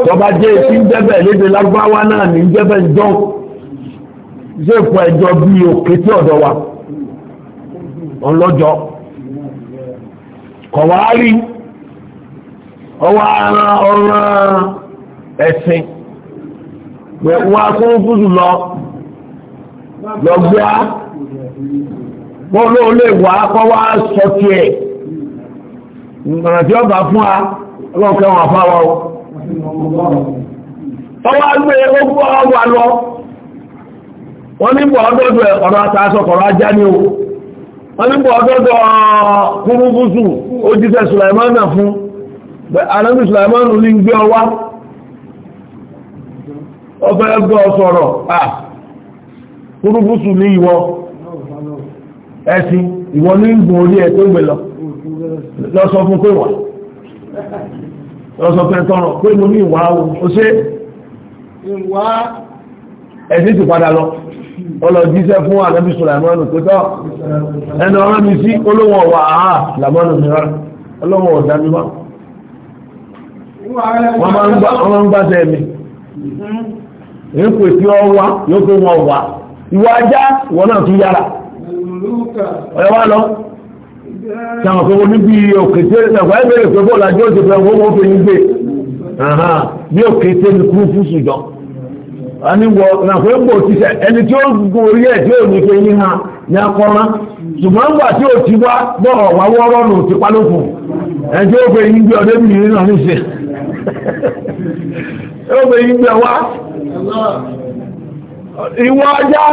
tọba jẹ́ ìsín jẹ́bẹ̀ léde lágbáwá náà ní jẹ́bẹ̀ bí òkété ọ̀dọ̀ wa. ọlọ́jọ́ kọ̀wáárí ọwọ́ ara ọ̀ràn ẹ̀sìn wọ́n fún fúdù lọ lọ́gbẹ́ á wọ́n ló lè wá sọ ọba fún wa ọlọ́ọ̀kẹ́ wọn àfáwọ́ o ọwọ́ agbé ogun ọwọ́ wa lọ wọ́n ní bọ̀ ọdọ́dọ̀ ọ̀rọ̀ ajá ni o. wọ́n ní bọ̀ ọ̀dọ́dọ̀ uh, kúrúbùsù ó jíṣẹ́ sùlàìmánà fún anábì sùlàìmánà ní gbé ọwá ọfẹ́ ẹgbẹ́ ọ̀sọ̀rọ̀ à kúrúbùsù ní ìwọ ẹ̀sìn ìwọ ní gbò orí ẹ̀ tó gbé lọ lọ́sọ fún pé wà lọ́sọ fẹ́ tọrọ pé mo ní ìwà o ṣe ẹ̀sìn ti padà lọ ọlọ́jíṣẹ́ fún ànábì sùlàmánù pé tọ́ ẹni ọ̀rọ̀ mi sí olóhùn ọ̀wà àhà làmánù mìíràn ọlọ́hùn ọ̀dà mi wá. wọ́n máa ń gbàṣẹ mi èyí kò tí ọ wá yóò tó wọn wá ìwọ ajá ìwọ náà tún yára ọ̀yọ́ wá lọ sáwọn kò wọ́n níbi òkè tí ẹ̀kọ́ ẹ̀bẹ̀rẹ̀ pé bọ́ọ̀lù ajé òṣèlú ẹ̀wọ̀n wọ́n fi ń gbé bí òkè tí ẹ̀kú fún ṣùgbọ́n. na nàfẹ́ gbò tíṣẹ̀ ẹni tí ó gun orí ha ní akọ́rá ṣùgbọ́n gbà tí ti wá bọ́ọ̀ wá wọ́rọ́ nù ti pálófò ẹni tí o fẹ́ yín gbé ọdẹ́ mi nínú àmì ṣe ó fẹ́ yín gbé wá ìwọ ajá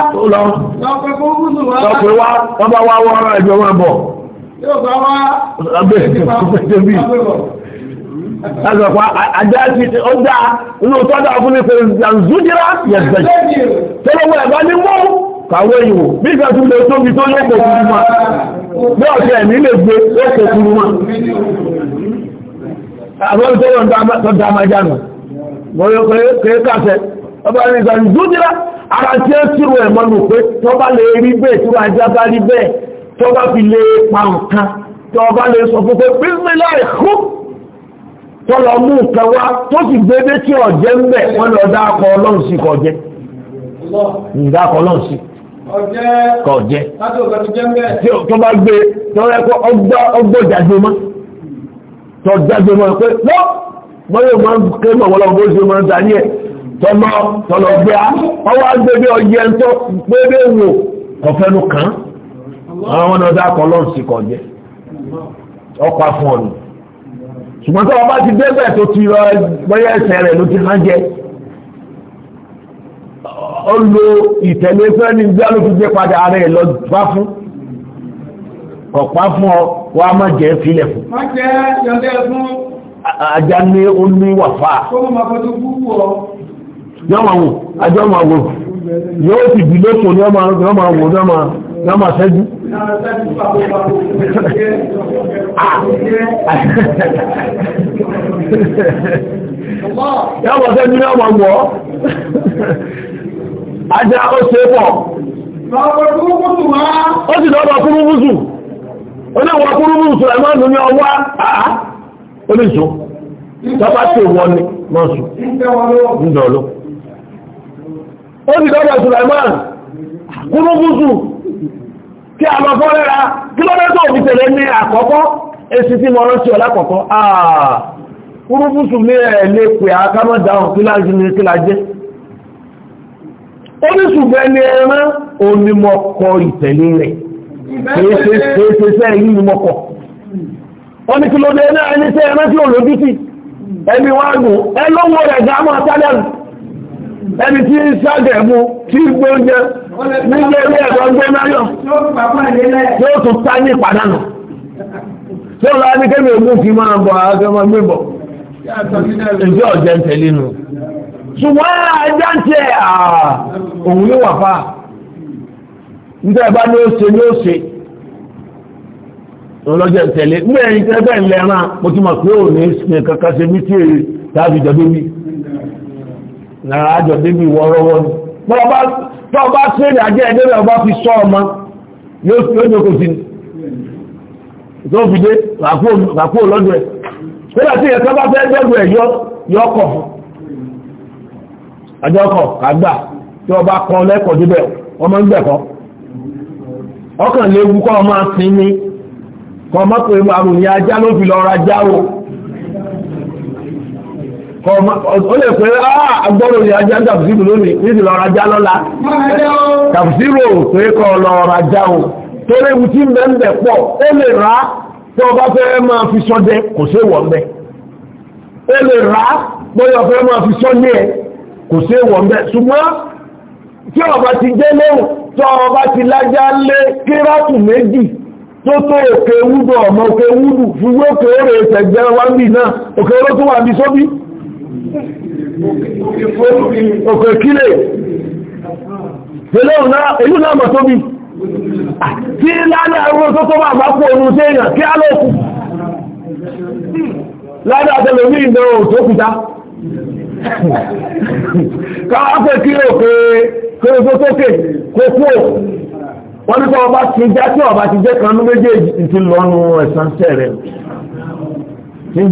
láti ọ̀pá àjẹ́sí ti ó dáa inú tọ́jà fún mi pé zanzúdíra yẹ̀sẹ̀ tọ́lọ́wọ́ ẹ̀bá ní mú kàwé ìwò bí ìfẹ́sùn lè tóbi tó yóò kò kúrú ma bí ọ̀sẹ̀ ẹ̀mí lè gbé yóò kò kúrú ma àwọn tó wọ́n tó dá máa jánu mọ́yọ́ kéré káfẹ́ ọba ní zanzúdíra ara tí ó sírò ẹ̀ mọ́nu pé tọ́ba lè rí bẹ́ẹ̀ tí wọ́n ajá bá rí bẹ́ẹ̀ tọ́ba fi lè pa nǹkan tọ́ba lè sọ fún pé bísí tó lọ mú nǹkan wá tó sì gbédé tí ọ̀jẹ́ ń bẹ̀ wọ́n lọ dákọ̀ ọlọ́run sí kọjẹ́ ìdákọ̀ ọlọ́run sí kọjẹ́ tó bá gbé tó rẹ kó ọgbọ́ jáde mọ́ tó jáde mọ́ pé lọ́ wọ́n yóò máa ń ké mọ̀ wọ́n lọ́wọ́ bó ṣe máa ń ta ní ẹ̀ tọmọ tọlọ gbé a ọwọ́ agbébé ọyẹ ń tọ́ gbébé wò kọfẹ́nu kan àwọn ọmọ náà dákọ̀ ọlọ́run sí kọjẹ́ ọkọ̀ afọ́ ṣùgbọ́n tí wọ́n bá ti débẹ̀ tó ti rọ bóyá ẹsẹ̀ rẹ̀ ló ti hàn jẹ́ ó lo ìtẹ̀lé fẹ́ni bí ló fi gbé padà ara ẹ̀ lọ bá fún ọ̀pá fún ọ wá má jẹ́ filẹ̀ fún. má jẹ́ yọ̀dẹ́ fún. ajá ní ó ní wàfà. kó mo máa fojú kúkú ọ. yọ́n máa wò ajọ́ máa wò yóò sì bí lóko ní ọmọ àwọn ọmọ àwọn ọmọ yọ́ máa sẹ́jú yọ́ máa sẹ́jú náà máa wọ́ ajá ó ṣe pọ̀ ó sì lọ́bọ̀ kúrúmùsù oníwọ̀ kúrúmùsù ẹ̀mọ́ nù ní ọwá àá oníṣò tọ́pá tí wọ́n ní mọ́sù ń ó sì lọ́bọ̀ Sulaiman kúrúmùsù kí a lọ fọ́lẹ́ra kí lọ́dọ́ tó fi tẹ̀lé ní àkọ́kọ́ èsì tí mọ́ rántí ọlákọ̀ọ́kọ́ àà ah, kúrúkúsù ní ẹ̀lẹ́ pè àkámọ́ dáhùn kí láàájú ní kí láàájẹ́ oníṣùgbẹ́ ní ẹran onímọ̀kọ ìtẹ̀lé rẹ̀ kéèsẹsẹ́ yìí ni mọ́kọ̀ wọ́n ní kí ló dé náà ẹni tẹ́ ẹran tí ò lójú sí ẹni wá gùn ẹ lọ́wọ́ rẹ̀ dámọ́ sálẹ̀ ẹni tí ń ságẹ̀ mú tí gbóúnjẹ n'iji ilé ẹ̀rọ ń gbé náyọ̀ yóò tún tá ní ìpàdánù tí ó lọ ní kébì ogún fi máa bọ̀ àgbẹ̀ bọ̀ ìjọ ọ̀jẹ̀ ń tẹ̀lé nu ṣùgbọ́n ajá ń tiẹ̀ òun ló wà fà nígbà bá ní ó ṣe ní ó ṣe ẹran mo ti mọ̀ pé ní ṣe kankan ṣe mí tí tó ọba tírẹ̀lì ajẹ́ ẹ̀dẹ́rẹ́ ọba fi sọ ọmọ yóò jókòó sí tó fi dé ràpò lọ́dọ̀ ẹ̀ kódà tí ẹ̀ka bá fẹ́ dọ́dọ̀ ẹ̀ yọ ọkọ̀ àjọ ọkọ̀ kàgbà tí ọba kọ lẹ́kọ̀ọ́ débẹ̀ ọmọ ń gbẹ̀kọ́ ọkàn léwu kọ́ ọmọ sinmi kọ́ ọmọ pé àrùn ní ajá ló fi lọ ra já o ó lè pé ah, agbọ́rò ni ajá ń tàbùsírò lónìí ní ti lọ rajá lọ́la tàbùsírò pé kọ́ lọ rajá o torí ewu tí ń bẹ ń bẹ pọ̀ ó lè rà á tó o bá fẹ́ máa fi sọ́dẹ kò sí ìwọ̀n bẹ́ ó lè rà á bóyá o fẹ́ máa fi sọ́dẹ ẹ̀ kò sí ìwọ̀n bẹ́ ṣùgbọ́n tí ọba ti dé lóhùn tó ọba ti lájá lé kírátù méjì tó tó òkè wúdù ọmọ òkè wúdù fúgbó òkè ó rè é náà òkè ó tó wà ní sóbì òkè kílè pẹ̀lú èyí náà mọ̀ tóbi tí ládà ẹ̀rọ tó tó máa bá kú oòrùn sí èèyàn kí á lóòkù ládà tẹ́lẹ̀ ní ìdẹ̀ tó kùta káwàá pẹ̀ kí òkè kéré tó tókè kó kú wọ́n ní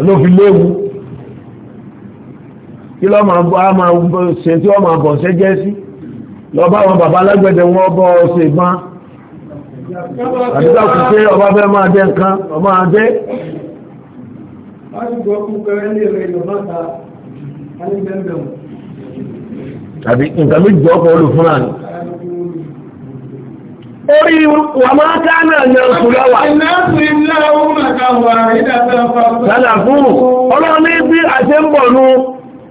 olófin léwu kí lọ́ máa bọ́ a máa ṣe tí wọ́n máa bọ̀ ṣẹ́jẹ́ sí lọ́ọ́ bá àwọn bàbá alágbẹ̀dẹ wọn bọ́ ọ ṣe gbọ́n àdúgbò kò pé ọba fẹ́ máa dé nǹkan ọmọ adé. tàbí nǹkan méjì ọkọ̀ olùfúnra ni. orí wà máa káàmì ọ̀nà ìṣúlọ́wà. Sàlàfún, ọlọ́run ní bí àṣẹ ń bọ̀ nú,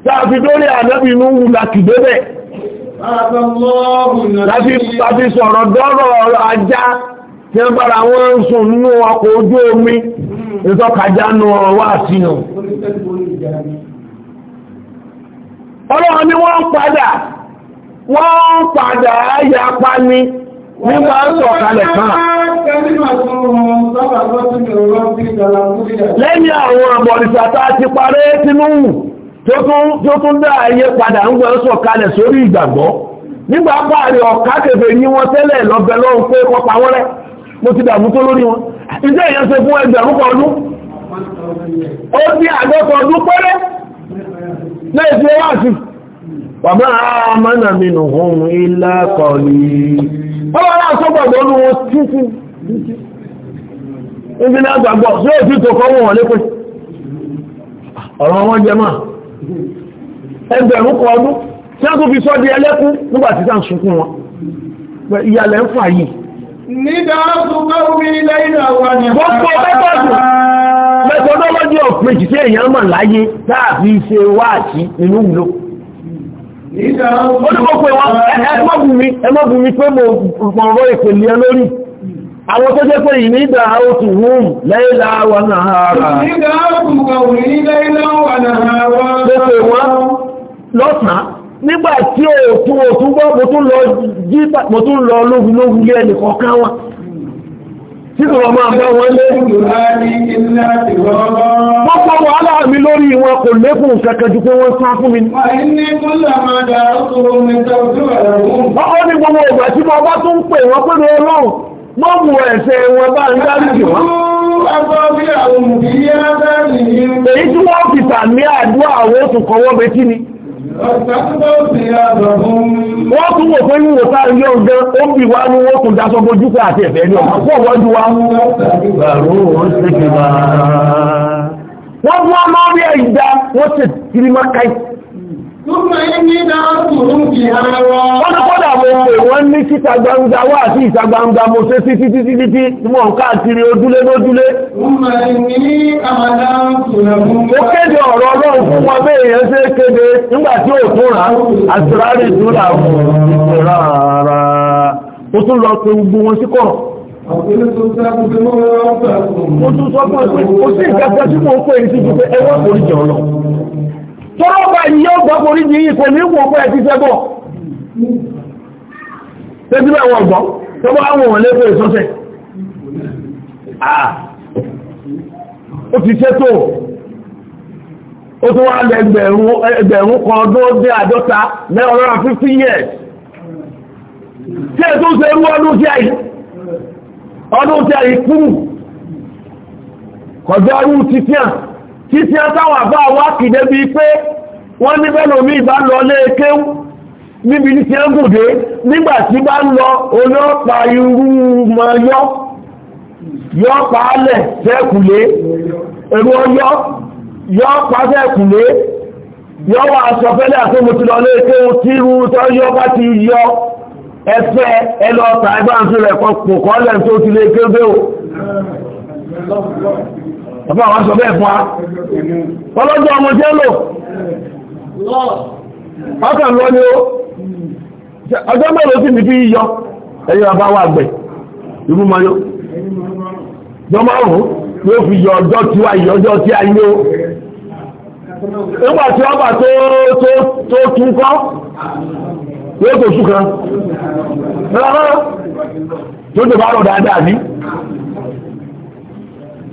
láàfi tó rí ànábì inú wùlà kìdébẹ̀. Láti sọ̀rọ̀ dọ́rọ̀ ajá tí ń bára wọn ń sùn nínú ojú omi, ìtọ́kàjá nù Ọlọ́run wọ́n padà, wọ́n nígbà sọ̀kalẹ̀ kan. Lẹ́yìn àwọn àbọ̀rìṣà tá ti parẹ́ tínú tó tún dá ayé padà ń gbọ́n sọ̀kalẹ̀ sórí ìgbàgbọ́. Nígbà pààrí ọ̀ká kèfè ní wọn tẹ́lẹ̀ lọ́bẹ̀ lọ́hùn pé wọ́n pa wọ́n rẹ́, mo ti dàmú tó lórí wọn. Ìjẹ́ èèyàn ṣe fún ẹgbẹ̀rún kan ọdún. Ó ti àgọ́kọ̀ ọdún pẹ́rẹ́ lẹ́ẹ̀fẹ́ wá sí. Wàmọ́ àmọ́nà mi nù hún ilá kọ̀ọ̀lì ọlọ́run náà sọ gbàgbọ́ ní wọn títí níbi náà gbàgbọ́ sí òtí tó kọ́ wọn lé pé ọ̀rọ̀ wọn jẹ máa ẹgbẹ̀rún kan ọdún tí wọ́n tún fi sọ́ di ẹlẹ́kún nígbà tí sáà ń sunkún wọn ìyàlẹ̀ ń fà yìí. nígbà tó bá wí lẹ́yìn àwọn àjẹ́ gbogbo mẹ́tọ̀dù mẹ́tọ̀dọ́lọ́jì ọ̀pẹ̀jì tí èèyàn mọ̀ láyé táàfi ṣe wáàtí nínú wúlò olùkọ́pẹ́ wọn ẹ má bù mí pé mo pọ̀rọ̀ ìpèlè lórí àwọn tó jẹ́ pé ìní ìdá òtù wùm lẹ́ìlá wà náà ara pẹ̀pẹ̀ wọn lọ́sàn nígbà tí òtún òtún gbọ́ mo tún lọ lóhun lóhun lé ẹnìkọ̀ọ̀kan wọn títù ọmọ àmọ́ wọn lé pọ́pọ́ wàhálà lórí wọn kò lékùn kẹ́kẹ́ jù pé wọ́n sá fún mi ọkọ́ ní gbogbo ọgbà tí mo bá tún pè wọ́n pé ní ọlọ́run mọ́ mú ẹ̀ṣẹ̀ wọn bá ń dárí wọ́n èyí tí wọ́n fi tàmí àdúrà àwọn oṣù kọwọ́ betí ni Wọ́n tún wò pé ní wòká ilé ọjọ́ ó ń bì wá ní wọ́n tún daṣọ bojú pé àti ẹ̀fẹ́ ní ọmọ pọ̀ wọ́n ju wa. Wọ́n tún wá máa rí ẹ̀yìn dá wọ́n sì kiri máa káì. Wọ́n ní síta gbangba wá sí ìta gbangba mo ṣe sí títí títí tí mọ̀ ń káàkiri ojúlé lójúlé. Ó kéde ọ̀rọ̀ ọlọ́run fún wọn bẹ́ èèyàn ṣe kéde nígbàtí ò tún rà àtìrárì tún rà rárá. Ó tún lọ pé gbogbo wọn sí kọ̀rọ̀. Ó tún sọ pé kò sí ìkẹ́kẹ́ tí mo ń pè ní títí pé ẹwọ́n kò ní jẹ́ ọlọ́run tọ́rọ bá yíó gbọ́gbọ́ orí yìí kò ní wò pẹ́ ti sẹ́gbọ́ tẹ́jú bá wọ́n gbọ́ tó bá wọ́n wọ́n lẹ́gbẹ̀ẹ́ sọ́sẹ̀ ó ti ṣètò ó tún wá ẹgbẹ̀rún kan ọdún dé àádọ́ta lẹ́ọ̀rọ̀ 50 years tí ẹ tó ṣe rú ọdún tí àyí ọdún tí àyí kúrù kọjọ́ rú títí àà tí tí a táwọn àbá wá kìdẹ́ bí pé wọ́n ní bẹ́lò mí bá lọ léèkéwú níbi tí a ń gùdé nígbàtí bá ń lọ olóòpa irú mọ yọ́ yọ́ pa álẹ̀ sẹ́kùlé èrò ọyọ́ yọ́ pa sẹ́kùlé yọ́ wà aṣọ fẹ́lẹ́ àti mo ti lọ léèkéwú tí irú tọ́ yọ́ bá ti yọ ẹfẹ́ ẹlọ́ta ẹgbàǹsí rẹ̀ kọkànlẹ̀ tó ti léèkéwú bàbá àwọn sọ bẹ́ẹ̀ fún wa ọlọ́jọ́ ọmọ jẹ́ lò ọkàn lọ ni ó ọjọ́ mẹ́rin sí ní fi yíyọ ẹ̀yẹ bàbá wà gbẹ̀ ìlú mayó jọ márùn-ún ni ó fi yọ ọjọ́ tí wà yọ ọjọ́ tí a yí ó nígbà tí wọ́n bà tó tún kọ́ yóò tó tún kan rárá tó tó bá rọ̀ dáadáa ní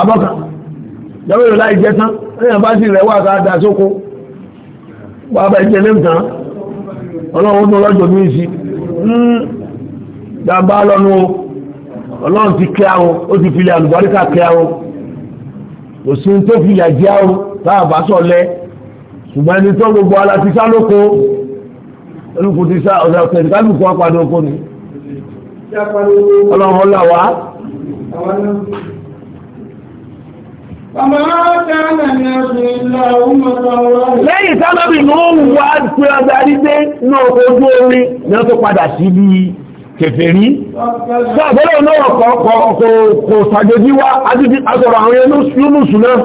abọ́kan lọ́wọ́ láì jẹ tán ẹ̀yàn bá sì rẹwà ká dà sóko bàbá ìjẹ lè tán ọlọ́run tó lọ́jọ́ ní hmm. ìsì dàbá lọ́nu ọlọ́run ti kẹ́ àwọn ó ti filẹ̀ àlùbáríkà kẹ́ àwọn kò sí tó fi yà jẹ́ àwọn táà bá sọ̀lẹ́ ṣùgbọ́n ẹni tó gbogbo ala ti sá lóko olùkù ti sá ọ̀sẹ̀ ọ̀sẹ̀ ìdíkàlùkù apàdé oko ni ọlọ́run ọlọ́wà Lẹ́yìn sábàbí ni ó wà pé ọgbà dídé náà ojú omi ni ó tó padà sí bí kèfèrí. Sọ́ọ̀bọ́lọ́ náà kò sàjòjí wá aṣọ́rọ̀ àwọn olóṣùlùsù náà.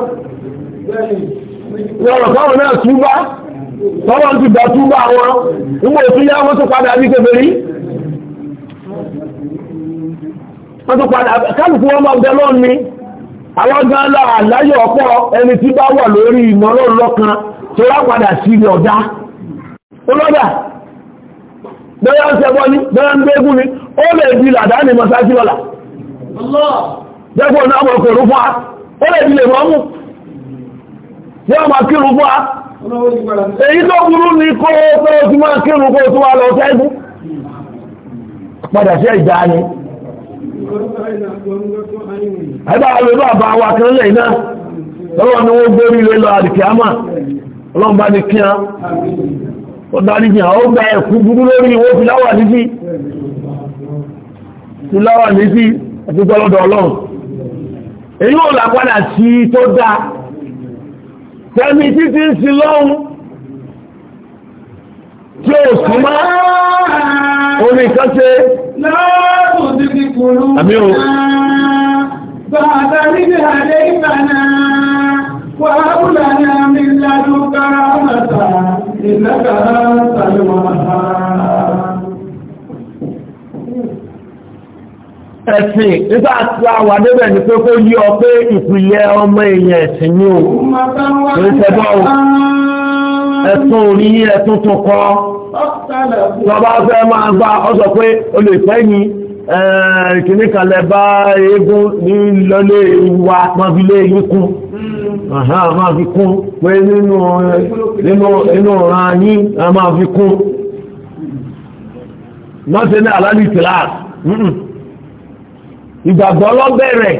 Wọ́n rọ̀kọ́rọ̀ náà túbá, tọ́wọ́ ti gbà túbá wọn, nígbò tí yá wọ́n tó padà bí kèfèrí wọ́n tó padà kálùkù wọn máa bẹ lọ́n ni àwọn gan lára àláyọ̀ ọ̀pọ̀ ẹni tí bá wà lórí ìmọ̀lọ́run lọ́kan tó wá padà sí ilẹ̀ ọ̀dá bẹ́yà ń sẹ́gbọ́ ní bẹ́yà ń gbégún ní ó lè di làdá ní mọ́sájí lọ́la jẹ́gbọ́n náà ó lè di mọ́ ẹgbà àwọn bàbá wa kẹrẹlẹ̀ iná lọ́wọ́ ni wọ́n gbórí ilé lọ àdìkì àmà ọlọ́mbà ní kíá ó darí ní àwọn gba ẹ̀kú lórí ìwó filáwà níbi filáwà níbi àti ọlọ́run tí ó sì máa kan ṣe àmì o. bàbá níbi àlẹ́ ìbànà wà á bùlà ní àmì ìlànà kára màtà ìlàkàrà sàlùwà màtà. ẹ̀sìn nígbà tí a wà débẹ̀ ní pé kó yí ọ pé ìpìlẹ̀ ọmọ èèyàn ẹ̀sìn ni o kò ń sẹ́gbọ́ o ẹ̀sùn orí ẹ̀sùn tuntun kan lọ́ba fẹ́ máa gba ọ pé olè fẹ́ yìí kìíní kan lẹ bá eégún ní lọlé wa máa fi lé yín kún hmm. máa fi kún pé nínú ọ̀ràn yín máa fi kún máa ṣe ní àlálì tìláàsì ìgbàgbọ́ ọlọ́bẹ̀rẹ̀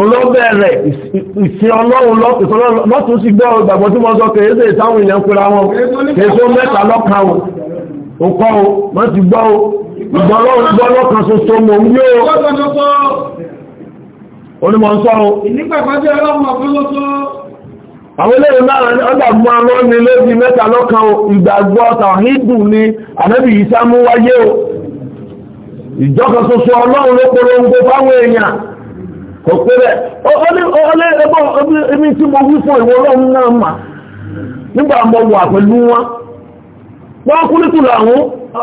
olóbẹ̀rẹ̀ ìsìn ọlọ́run lọ́tún sí gbọ́ ìgbàgbọ́ tí wọ́n sọ kèése ìtàwọn èèyàn pera wọn kèése mẹ́ta lọ́kàn wọn. òkọ́ o wọ́n ti gbọ́ o ìgbọ́lọ́kan ṣoṣo mọ̀ ń yóò onímọ̀ ń sọ o àwọn olóòrò náà ọgbàgbọ́ ọmọ ní lóbi mẹ́ta lọ́kan ìgbàgbọ́ ni mú wáyé o ìjọkan ọlọ́run ló fáwọn èèyàn kò pé ẹbí tí mo fún náà mà wà pẹ̀lú wọ́n kú nítù làwọn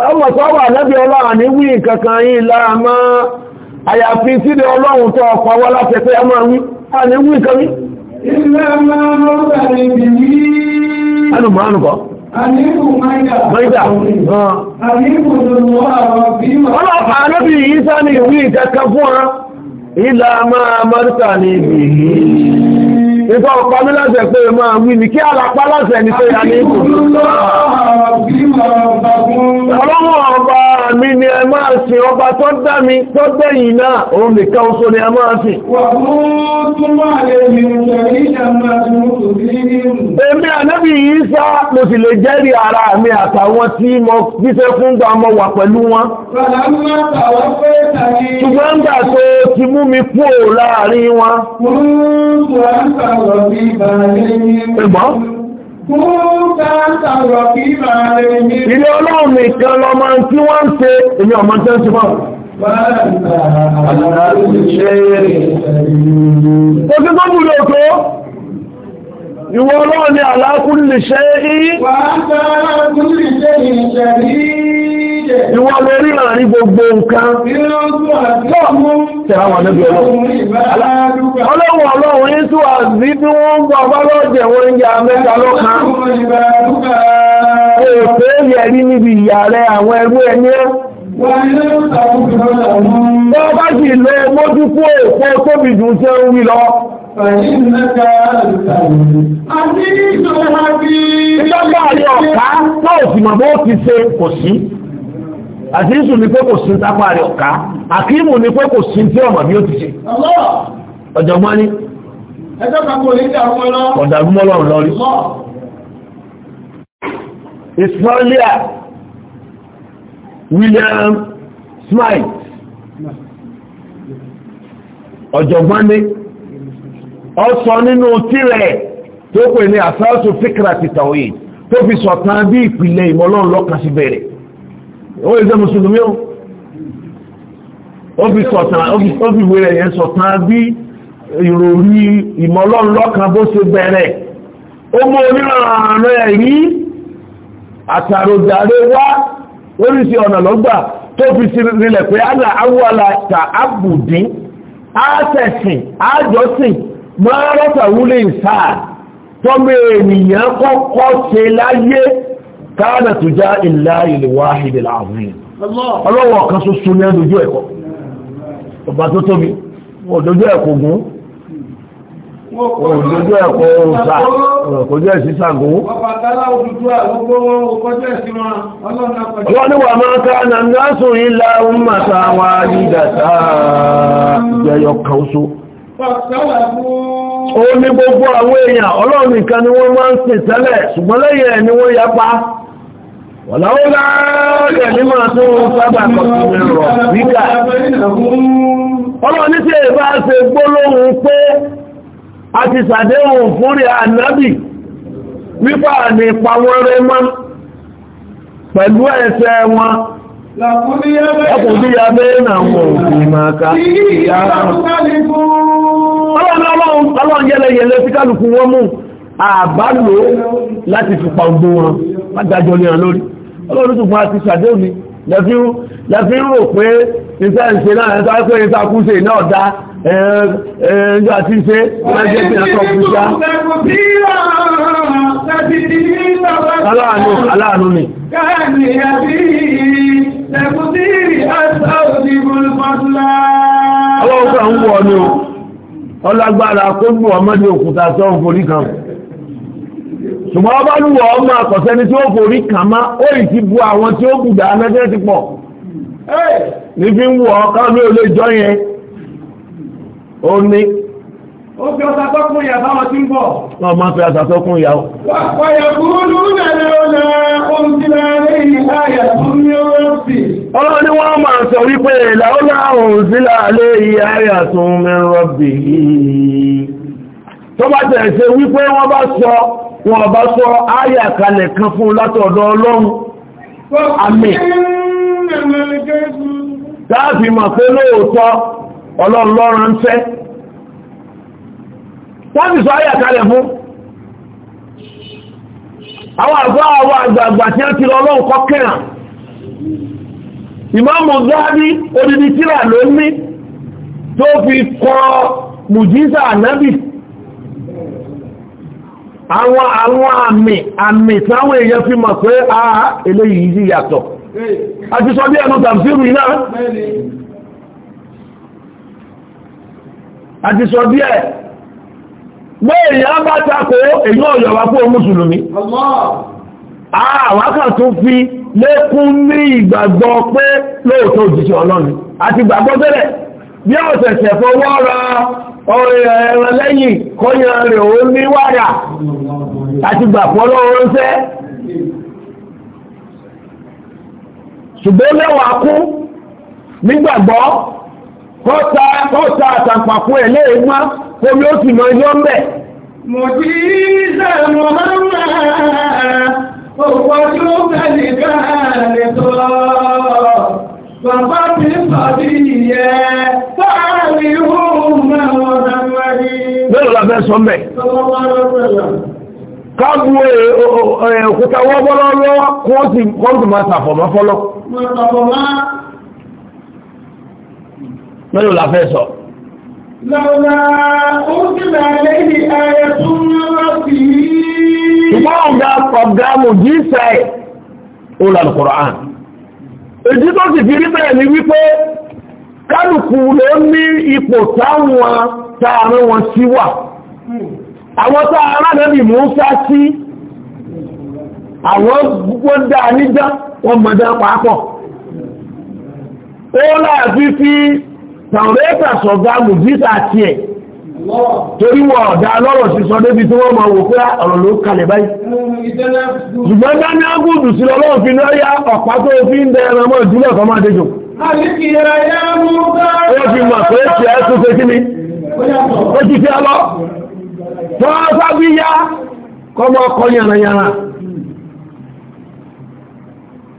ọmọ sọ́wọ́ àlẹ́bí ọlọ́run ní wí kankan yìí láàmá àyàfi síde ọlọ́run tó ọkọ̀ wọ́n láti pé a wí a ní wí kan ní ilẹ̀ máa mọ́rúta ní ìbìyí Ìgbà ọ̀pá mi láṣẹ pé ẹ máa wí ni kí àlàpá láṣẹ ni pé a ní. Ọlọ́run mi ni ẹ máa sìn ọba tó dá mi tó dẹ̀yìn náà òun nìkan oṣù ni ẹ máa sìn. wà fún túnmọ̀ lè mi ṣẹ̀rí ìjàmbá tí mo tò sí nínú. èmi ànábì yìí sá mo sì lè jẹ́rìí ara mi àtàwọn tí mo fífẹ́ fún gbà mo mi máa tàwọn pé tàbí. ṣùgbọ́n gbà tó ti mú Ilé ọlọ́run nìkan lọmọ tí wọ́n ń ṣe èmi ọmọ tẹ́ ń ṣe fún Ó ti tó búrò tó, ìwọ ọlọ́run ni àlákùn lè ṣe é. Wà á tààrà Ìwọ lè rí àárín gbogbo nǹkan. Ọlọ́run ọlọ́run yín tó àzí bí wọ́n ń gbọ́ bá lọ́jẹ̀ wọ́n ń ya mẹ́ta lọ́kàn. Èpè yẹ̀rí níbi ìyà rẹ̀ àwọn ẹgbẹ́ ẹni ẹ́. Bọ́ bá sì lọ mójú kú òpó tóbi dùn jẹ́ ń wí lọ. Ìjọba àrí ọ̀ká náà sì mọ̀ bó ti ṣe kò sí àtìsù ni pé kò sí tápá rẹ̀ ọ̀ká àkíìmù ni pé kò sí tí ọmọ bí ó ti ṣe ọ̀jọ̀gbọ́n ni ọ̀dàgbọ́n lọ́rùn lọ́rí Israelia William Smith ọ̀jọ̀gbọ́n ni ó sọ nínú tírẹ̀ tó pè ní àsáàtù fíkra ti tó fi sọ̀tàn bí ìpìlẹ̀ ìmọ̀lọ́run lọ́kàn sí bẹ̀rẹ̀ ó lè jẹ́ mùsùlùmí o ó fi sọ̀tàn ó fi yẹn sọ̀tàn bí ìròrí bó ṣe bẹ̀rẹ̀ ó mú oníranà ẹ̀rí àtàròdàrẹ wá oríṣi ọ̀nà lọ́gbà tó fi rinlẹ̀ pé ádà awọ́la tọ́mọ ènìyàn kọ́kọ́ ṣe láyé káàdà tó já ìlà ilẹ̀ wáhìdì láàrin ọlọ́wọ́ kan ṣoṣo ní ẹ̀dọ́jú ẹ̀kọ́ ọba tó tóbi ọ̀dọ́jú ẹ̀kọ́ gún ọ̀dọ́jú ẹ̀kọ́ ọ̀sà ọ̀kọ́jú ẹ̀sí sàgún ọwọ́ ni wà máa ká nà ńgáṣù ìlà ọmọta wà nídàtà ìjẹyọ kan ṣo ó ní gbogbo àwọn èèyàn ọlọ́run nìkan ni wọ́n máa ń sìn tẹ́lẹ̀ ṣùgbọ́n lẹ́yìn ẹ̀ ni wọ́n yapa Wọ̀láwọ́lá rẹ̀ nímọ̀ tó sábà kọ̀kùnrin rọ̀ níkà. Ọlọ́ni tí èbá ṣe gbólóhùn pé a ti sàdéhùn fúnrí ànábì wípà ní pàwọ́rẹ́ mọ́ pẹ̀lú ẹ̀ṣẹ̀ wọn. Ọkùnrin ya bẹ́ẹ̀ nà wọn òfin máa ká. Ọlọ́run yẹlẹyẹlẹ tí kálukú ọlọ́run tó fún àti ṣàdéhùn ni lẹ́fí ń rò pé iṣẹ́ ìṣe náà ẹ̀ta pé iṣẹ́ àkúṣe náà dá ẹ̀ẹ́jọ́ àti ṣe lẹ́jẹ́ sí ẹ̀kọ́ fúnṣá aláàánú ni ọlọ́run kan ń wọ ni ọlágbára kó gbọ́ ọmọdé òkúta tó ń forí kan ṣùgbọ́n ọba lúwọ̀ ọmọ àkọ̀sẹ́ni tí ó forí kàn má ó ì ti bu àwọn tí ó bù dá anájẹ́ ti pọ̀ ní fi ń wọ̀ káwọn ní olè jọ yẹn ó ní. ó fi ọ̀sà tó kún ìyá báwọn ti ń bọ̀. wọ́n máa fi ọ̀sà tó kún ìyá o. wàyà kúrú nàlẹ́ ọ̀nà ohun tí náà lẹ́yìn láyà tún ní ọ́rọ́sì. ọlọ́run ni wọ́n máa sọ wípé làọ́lá òun sílẹ̀ alẹ́ ìyá àyà tún mẹ́rọ̀ bì tó bá tẹ̀ ṣe wípé wọ́n bá sọ wọn bá sọ ayà kan fún látọ̀dọ̀ ọlọ́run mọ̀ pé lóòótọ́ ọlọ́run lọ́rọ̀ ń fẹ́ wọ́n sọ ayà kalẹ̀ fún àwọn àgbà àwọn àgbààgbà tí wọ́n ti lọ ọlọ́run kọ́ kẹ́ràn ìmáàmù odidi tíra ló ní tó fi kọ mùjísà àwọn àwọn àmì àmì táwọn èèyàn fi mọ̀ pé a ah, eléyìí yí yàtọ̀ a ti sọ bí ẹnu tàbísírù iná a ti sọ bí ẹ mọ́ èèyàn bá takò èyí ọ̀yọ̀ wá fún mùsùlùmí àwọn kan tó fi lékún ní ìgbàgbọ́ pé lóòótọ́ òjíṣẹ́ ọlọ́run àti ìgbàgbọ́ bẹ̀rẹ̀ bí ọ̀sẹ̀sẹ̀ fọwọ́ ra ẹ̀rọ lẹ́yìn kọ́yàn rẹ̀ ó ní wàdà àti gbàpọ́lọ́ oúnjẹ́ ṣùgbọ́n mẹ́wàá kú nígbàgbọ́ kọ́ta àtàpàpọ̀ ẹ̀ léèmá omi ó sì lọ ilé mo ti rí Bàbá mi pàdé ìyẹ sáàrí ohun mẹ́wọ̀n náà wáyé. Bẹ́ẹ̀ lọ́la fẹ́ sọ mẹ́. Káàbù eh, eh, eh, òkúta wọ́n bọ́lọ́ lọ́wọ́ kó o sì kọ́ tó máa tàfọ̀mọ́ fọ́lọ́. Bẹ́ẹ̀ lọ́la fẹ́ sọ. Lọ́la ó sì lálẹ́ ìdí ayẹ tó ń rántí. Ṣùgbọ́n ọ̀gá ọ̀gá mò jí sẹ́ẹ̀ ó lálùkọ̀rọ̀ àná èdí tó sì fi rí bẹ́ẹ̀ ni wípé kálùkù ló ní ipò táwọn tààrin wọn sí wà àwọn tààrà nẹ́bì mú sá sí àwọn wọ́n dá níjá wọ́n mọ̀dá pàápọ̀ ó láàfí fi tàwọn rẹ́ta sọ̀gá mùjísà tiẹ̀ torí wọn ọ̀dà lọ́rọ̀ sísọ débi tí wọ́n máa wò pé ọ̀rọ̀ ló kalẹ̀ báyìí. ṣùgbọ́n dání ágùdù sí lọ́wọ́ fi ní ọ̀yá ọ̀pá tó fi ń dẹ ẹran mọ́ ìdúlẹ̀ kan máa déjò. ó fi mọ̀ pé tí ẹ tún ṣe kí ni ó ti fi ọlọ́. wọ́n á sábí yá kọ́ mọ́ ọkọ yànnàyànnà.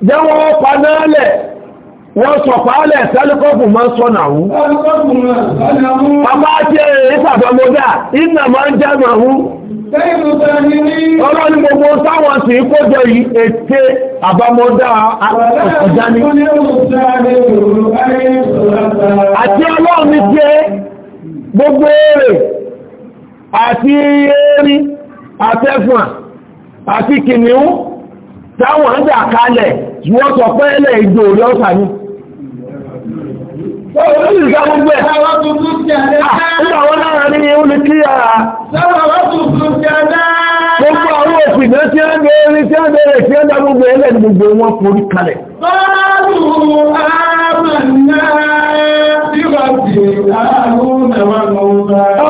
jẹ́wọ́ padà lẹ̀. wọ́n sọ pàálẹ̀ tẹ́lẹ́kọ́pù máa ń sọ́nà àwọn bàbá jẹ́ ìsàbọ̀mọ́dá ìnà máa ń jẹ́ màáhún ọlọ́ni gbogbo sáwọn si kójọ yìí ètè àbámọ́dá ọ̀dání àti gbogbo èrè àti àtẹ́fùn àti táwọn ń dà kalẹ̀ wọ́n sọ ni. Ìgbà gbogbo ẹ̀. Nígbà wọn náà ní orí kí ara. Gbogbo àwọn òfìdá tí ó ń bẹ orí tí ó ń bẹ̀rẹ̀ tí ó ń dá gbogbo ẹlẹ́ ní gbogbo wọn forí kalẹ̀.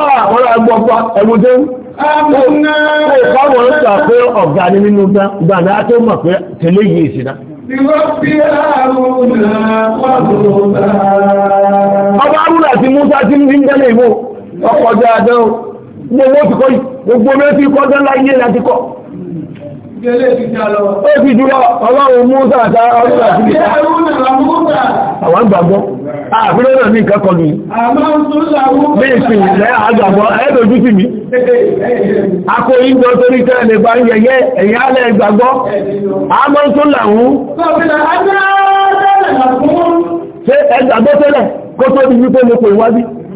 Àwọn agbọ́gbọ́ ẹgbùdé. Ó fáwọn ọ̀sà pé ọ̀gá ni nínú gbà náà tó mọ̀ pé tẹ́lẹ̀ yìí ìsìná. Ọba Arúnà àti Músa ti ń dínjẹ́lẹ̀ ìbò ọkọ̀ ọjọ́ àjọ́ gbogbo ti kọ́ gbogbo mẹ́fí kọjọ́ láyé láti kọ́ ó fi dúró ọlọ́run múúsà àtàrà ọlọ́run àti ìgbà àwọn gbàgbọ́ àfihàn náà ní nǹkan kọlu ní ìsìn ilẹ̀ àgbàgbọ́ ẹ̀ẹ́dọ̀jú sí mi akó ìjọ torí tẹ́lẹ̀ bá ń yẹyẹ ẹ̀yà alẹ́ gbàgbọ́ àmọ́ tó làwọn ṣe ẹgbàgbọ́ tẹ́lẹ̀ kó tó di wípé mo pè wá bí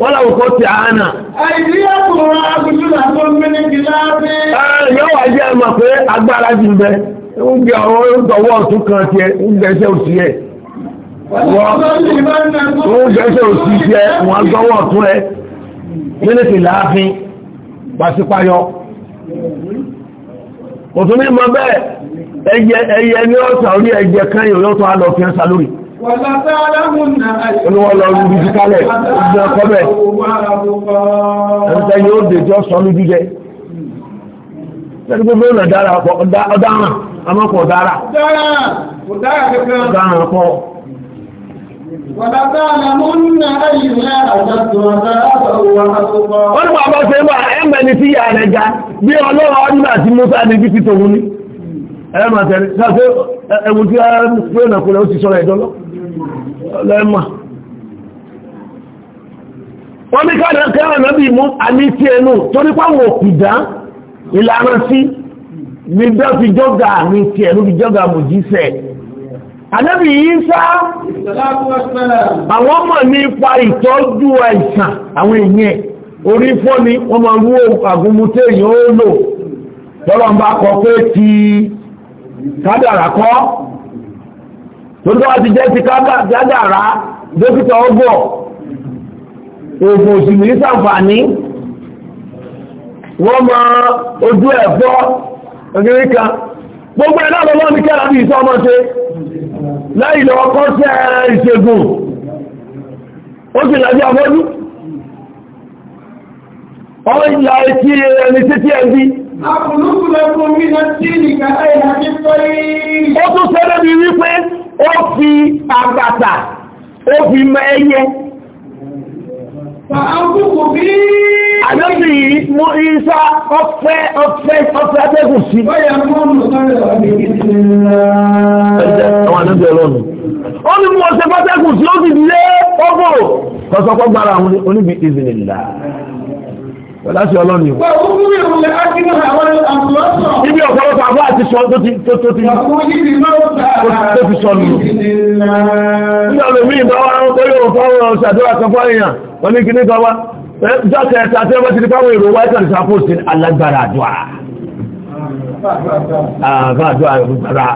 wọ́n làwọn kò ti àánà. àìsí ọkùnrin akutu làtọ́ mímí kìláàsì. ẹ yóò wá jẹ́ ẹ̀mọ̀ pé agbára jù bẹ ń bẹ ọ̀rọ̀ ń tọwọ́ ọ̀tún kan tiẹ̀ ń bẹ ṣe òsì ẹ̀. wọ́n ń bẹ ṣe òsì tiẹ̀ wọ́n gbọ́wọ́ ọ̀tún ẹ̀ mímí kìláàsì pàṣípàyọ. òtún mímọ bẹ́ẹ̀ ẹyẹ ẹyẹ ní ọ̀sán orí ẹyẹ kan yóò yọ Olúwọ́ lọ rú ibi kálẹ̀, ìjọ ọkọ bẹ̀. Ẹ̀rùsẹ̀ yóò dè jọ sọ ní jíjẹ. Lẹ́nu gbogbo ọ̀nà dára ọ̀daràn, àmọ́ kò dára. Ọ̀daràn pọ̀. Wọ́n ní bàbá ṣe wà ẹ̀mẹ́ni tí ìyá rẹ̀ ga bí ọlọ́run ọdún àti Mọ́sá ní títí tòun ní. ẹ̀mà tẹ̀lé sáfẹ́ ẹ̀wù tí a ń fẹ́ ìnàkúnlẹ̀ ó ti sọ́rọ̀ ìdọ́lọ́ lẹ́mà wọ́n ní káàkiri ànábì mú àmì tí ẹnu torí páwọn òkùdá ìlànà sí ní dá fi jọ́gà àmì tí ẹnu fi jọ́gà mù jíṣẹ́ yìí sá àwọn wọ́n máa ó lò kádàrà kọ́ torí wọ́n ti jẹ́ ti kádàrà dókítà ọgbọ̀ oògùn òsìlú ní wọ́n ojú ẹ̀fọ́ ògiri kan gbogbo ẹ̀dá lọ́wọ́ ní kẹ́lá bí ìṣọ́ ọmọ ṣe láì lọ ọkọ́ sẹ́ ìṣègùn ó sì ìlà ẹni títí Ó tún sẹ́rẹ́ bí wípé ó fi àgbàtà, ó fi mọ ẹyẹ. Fàákùkù bí i. Àjọ́sì mú ìṣá ọ̀fẹ́ ọ̀fẹ́ ọ̀fẹ́ atẹ́gùn sí. Bọ́yá mọ́nù sọ́rọ̀ ọ̀dẹ̀ ìsinmi. Ẹ̀jẹ̀ àwọn àjọ́sì ọlọ́nu. Ó ní mú ọ̀sẹ̀ pátẹ́gùn sí ó sì lé ọgbọ̀. Kọ̀sọ̀kọ́ gbára oníbi ìsinmi pẹ̀láṣẹ ọlọ́ni o. ibi ọ̀pọ̀lọpọ̀ àbọ̀ àti sọ tó ti tó ti tó ti sọ nù. nígbà tó mí ìbá wa ń kóyò fọwọ́ ṣàdúrà kan fún èèyàn wọn ní kíní kan wá. jọ́sẹ̀ ẹ̀ta tí wọ́n ti di fáwọn èrò wáyé kan ṣàpòsí alágbára àdúrà. àgbà àdúrà gbàrà.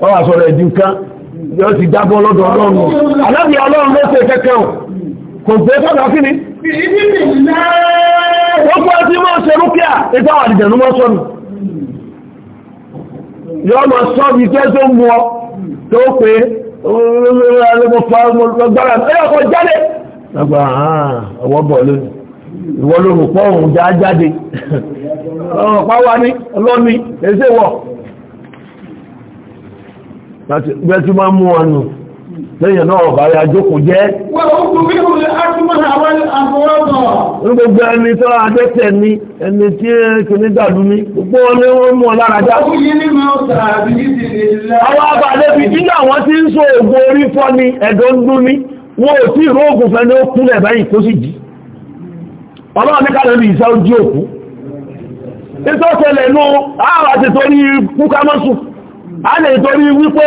wọ́n wá sọ̀rọ̀ ẹ̀dín kan yóò ti dábọ́ lọ́dọ̀ ọlọ́run. àlọ́ kò gbé sọ́dọ̀ kí ni gbogbo ẹtí máa ṣe rúkìá ìta wà dìjẹ̀ ní wọ́n sọ́nù yọ́ lọ sọ́ọ̀bù iṣẹ́ tó ń mú ọ tó pé lọ́gbàrà ẹ̀yọ́ kan jáde lọ́gbà ah, ọwọ́ bọ̀ lónìí ìwọ ló rùpọ̀ òun já jáde ọ̀rọ̀ pàwà ní ọlọ́ni ẹ̀ṣẹ́ wọ̀ láti gbẹ́tí máa mú ọ nù lẹ́yìn náà ọ̀bá ya jókòó jẹ́. wọ́n kò bí kò ní gbogbo ẹni tó adẹ́tẹ̀ ni ẹni tí kìíní dàlú ni gbogbo ni ọ lára ní àwọn abàdé fi kí àwọn tí ń so oògùn orí fọ́ ni ẹ̀dọ́ ń dún wọn ò tí fẹ́ ni ó báyìí sì jí. ọlọ́run a lè torí wípé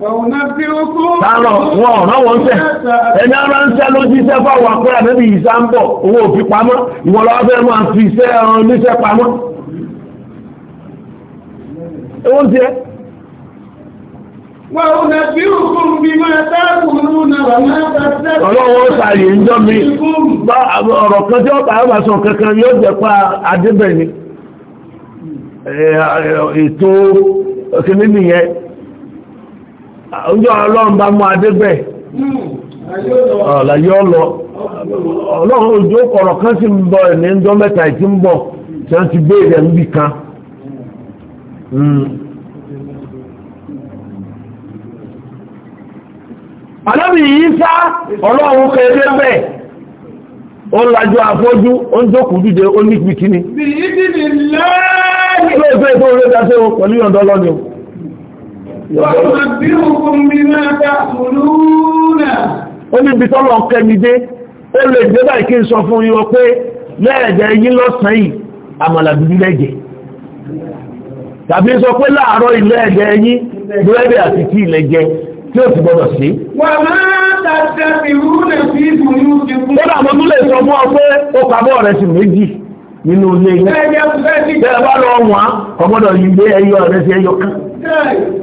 Tààrọ̀ wọn ọ̀rọ̀ wọn fẹ́. Ẹni ara ń sẹ́ ló jíṣẹ́ fáwọn akọ́rà níbi ìṣá ń bọ̀, owó òfin pamọ́, ìwọ lọ́wọ́ máa fi iṣẹ́ ẹran níṣẹ́ pamọ́. Ewó ń tiẹ̀. Wọ́n ò nà bí òkun bí máa dákùn lónà wà máa sàyè ń jọ mi. Ọ̀rọ̀ kan tí ọ̀tà àwọn àṣọ kankan yóò ọjọ́ ọlọ́run bá mú adégbẹ̀ ọ̀làyé ọlọ ọlọ́run ojú kọ̀rọ̀ kan sì ń bọ̀ ní ọjọ́ mẹ́ta ìtí ń bọ̀ tí wọ́n ti gbé rẹ̀ níbì kan hmm. àlọ́bì yìí sá ọlọ́run kéré bẹ́ẹ̀ ó lájú afọ́jú ó ń jókòó dìde ó ní lẹ́ẹ̀ẹ́ ó ní ibi tọ́lọ̀ kẹ́midé ó lè gbé báyìí kí n sọ fún yín pé lẹ́ẹ̀jẹ̀ yín lọ́sàn yìí àmàlà dúdú lẹ́jẹ̀ tàbí sọ pé láàárọ̀ ilé ẹ̀jẹ̀ yín búrẹ́dì àti tí ilẹ̀ jẹ tí ó ti gbọdọ̀ sí. wà á máa tàṣẹ ìwúlẹ̀ sí ìbùnú ti kú. ó dàbọ̀ tó lè sọ fún ọ pé ó kàbọ̀ rẹ̀ sí méjì nínú ilé yín. bẹ́ẹ̀ bá lọ wọ́n á kò gbọdọ̀ yí ilé ẹyọ rẹ̀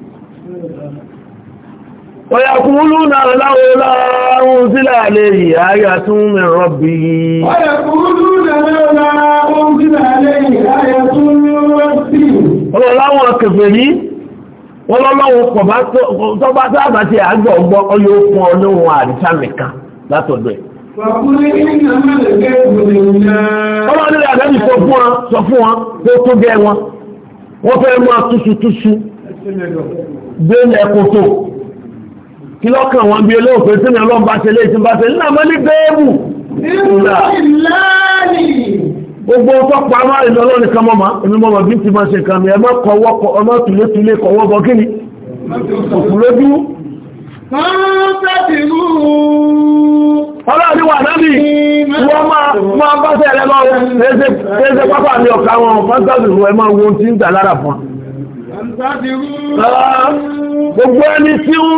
ويقولون لولا أنزل عليه آية من ربه ويقولون لولا أنزل عليه آية من ربه ọlọ́wọ́ tọba sáàbà àgbà ọgbọ́ fún látọ̀dọ̀ ẹ̀ kí lọ́kàn wọn bí olóòfẹ́ tí wọ́n lọ́n bá ṣe lé ìsìn bá ṣe nínú àmọ́ ní bẹ́ẹ̀mù gbogbo ọkọ̀ pàmà ìlọ́lọ́ nìkan mọ́mà èmi mọ́mà bí ti máa ṣe nǹkan mi ẹmọ́ kọwọ́ ọmọ tùlétùlé kọwọ́ bọ́ kí ni òkú lójú ọlọ́ọ̀dí wà náà bí wọ́n máa bá ṣe ẹlẹ́gbọ́ ẹ̀ẹ́sẹ̀ pápá mi ọ̀ká wọn gbogbo ẹni tí ó ń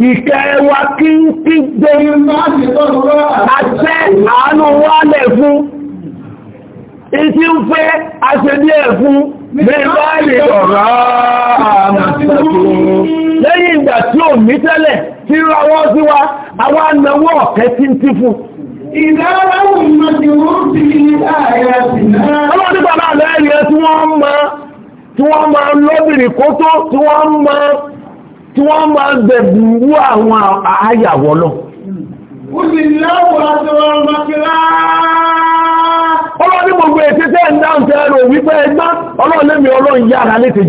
ìkẹ́ wa kí ń kí gbé àṣẹ àánú wá lẹ̀ fún ìtí ń fẹ́ aṣèdí ẹ̀ fún bíbá lè ọ̀rọ̀ lẹ́yìn ìgbà tí ò mí tẹ́lẹ̀ tí rọwọ́ sí wa àwọn anáwọ́ ọ̀kẹ́ tí ń tí fún ìdáráwùn mọ́ ti wọ́n ti ní ààrẹ àtìná ọlọ́dún bàbá àlẹ́ ẹ̀yẹ tí wọ́n máa tí wọ́n máa ń bẹ̀bù wú àwọn àyàwó lọ. Ọlọ́ni gbogbo ètí tẹ́ ń dáhùn tẹ́ ẹ̀rọ wípé ẹgbẹ́ mọ́kìrù ta wà, ọlọ́run sáà lè fi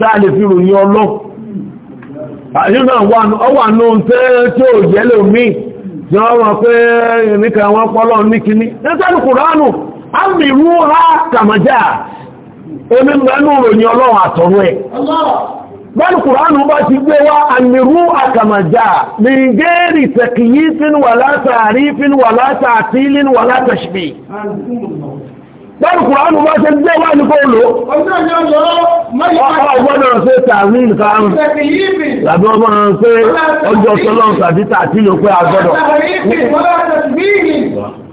sáà lè fi ròyìn ọlọ́run. nínú ọwà náà tẹ́ tí ó jẹ́ lè mí tí wọ́n wọ́n pé nìkan wọ́n pọ́lọ̀ ní kíní nítẹ́lù kùránù ámìrú ha tàmàjá onímọ̀ẹ́nù ròyìn ọlọ́run àtọ̀rọ̀ ẹ̀ bẹ́ẹ̀lù kùránù bá ti gbé wá àmìrú àkàmàjá nìgẹ́rì tẹ̀kìyí fínwàlátà àrífínwàlátà àtílínwàlátà ṣbí bẹ́ẹ̀ni kùránù máa ṣe jẹ́ wá ní kóòlò ọgbọ́dọ̀ ṣe tààrí nǹkan tàbí ọmọ rẹ̀ pé ọjọ́ sọ́lọ́ tàbí tààtí ló pé agbọ́dọ̀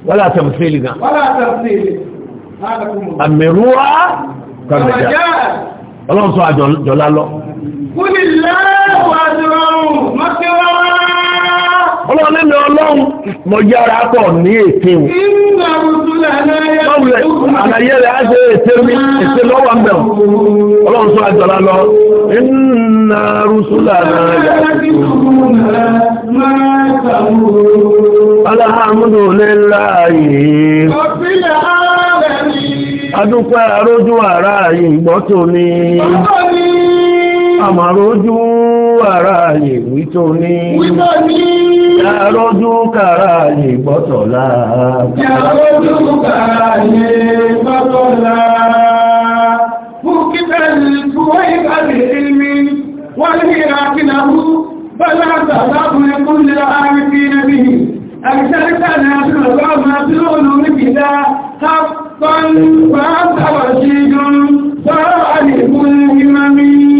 wọ́lá tẹ̀mùsílì gan àmìrúwá kàmìjà ọlọ́run sọ àjọ̀lá lọ Kúlìlẹ́ wà jùlọ mọ́kíwọ́ ọlọ́run lẹ́nu ọlọ́run mọ̀ yára pọ̀ ní ètè o. àlàyé rẹ̀ á ṣe ètè mi ètè lọ́wọ́ ń bẹ̀ ọlọ́run sọ àjọ̀lá lọ. iná rúṣúlà náà yà sí. alhamdulillahi. ọ̀pìlẹ̀ àmàrójú ara lè wí tó ní wípọ̀ ní yàrójú kàrà lè gbọ́tọ̀lá yàrójú kàrà lè gbọ́tọ̀lá bukita ìlú ìgbà lè ilmi wọ́n ní ìràkínàwó bọ́lá àtàkùnrin kúnlẹ̀ àrífin bí àìsẹ́ríkà ní àtúrọ̀lọ́ ọmọ tí ó lò ní kìdá tápọ̀ ń pàápàá sí gan sọ́rọ̀ àlèkún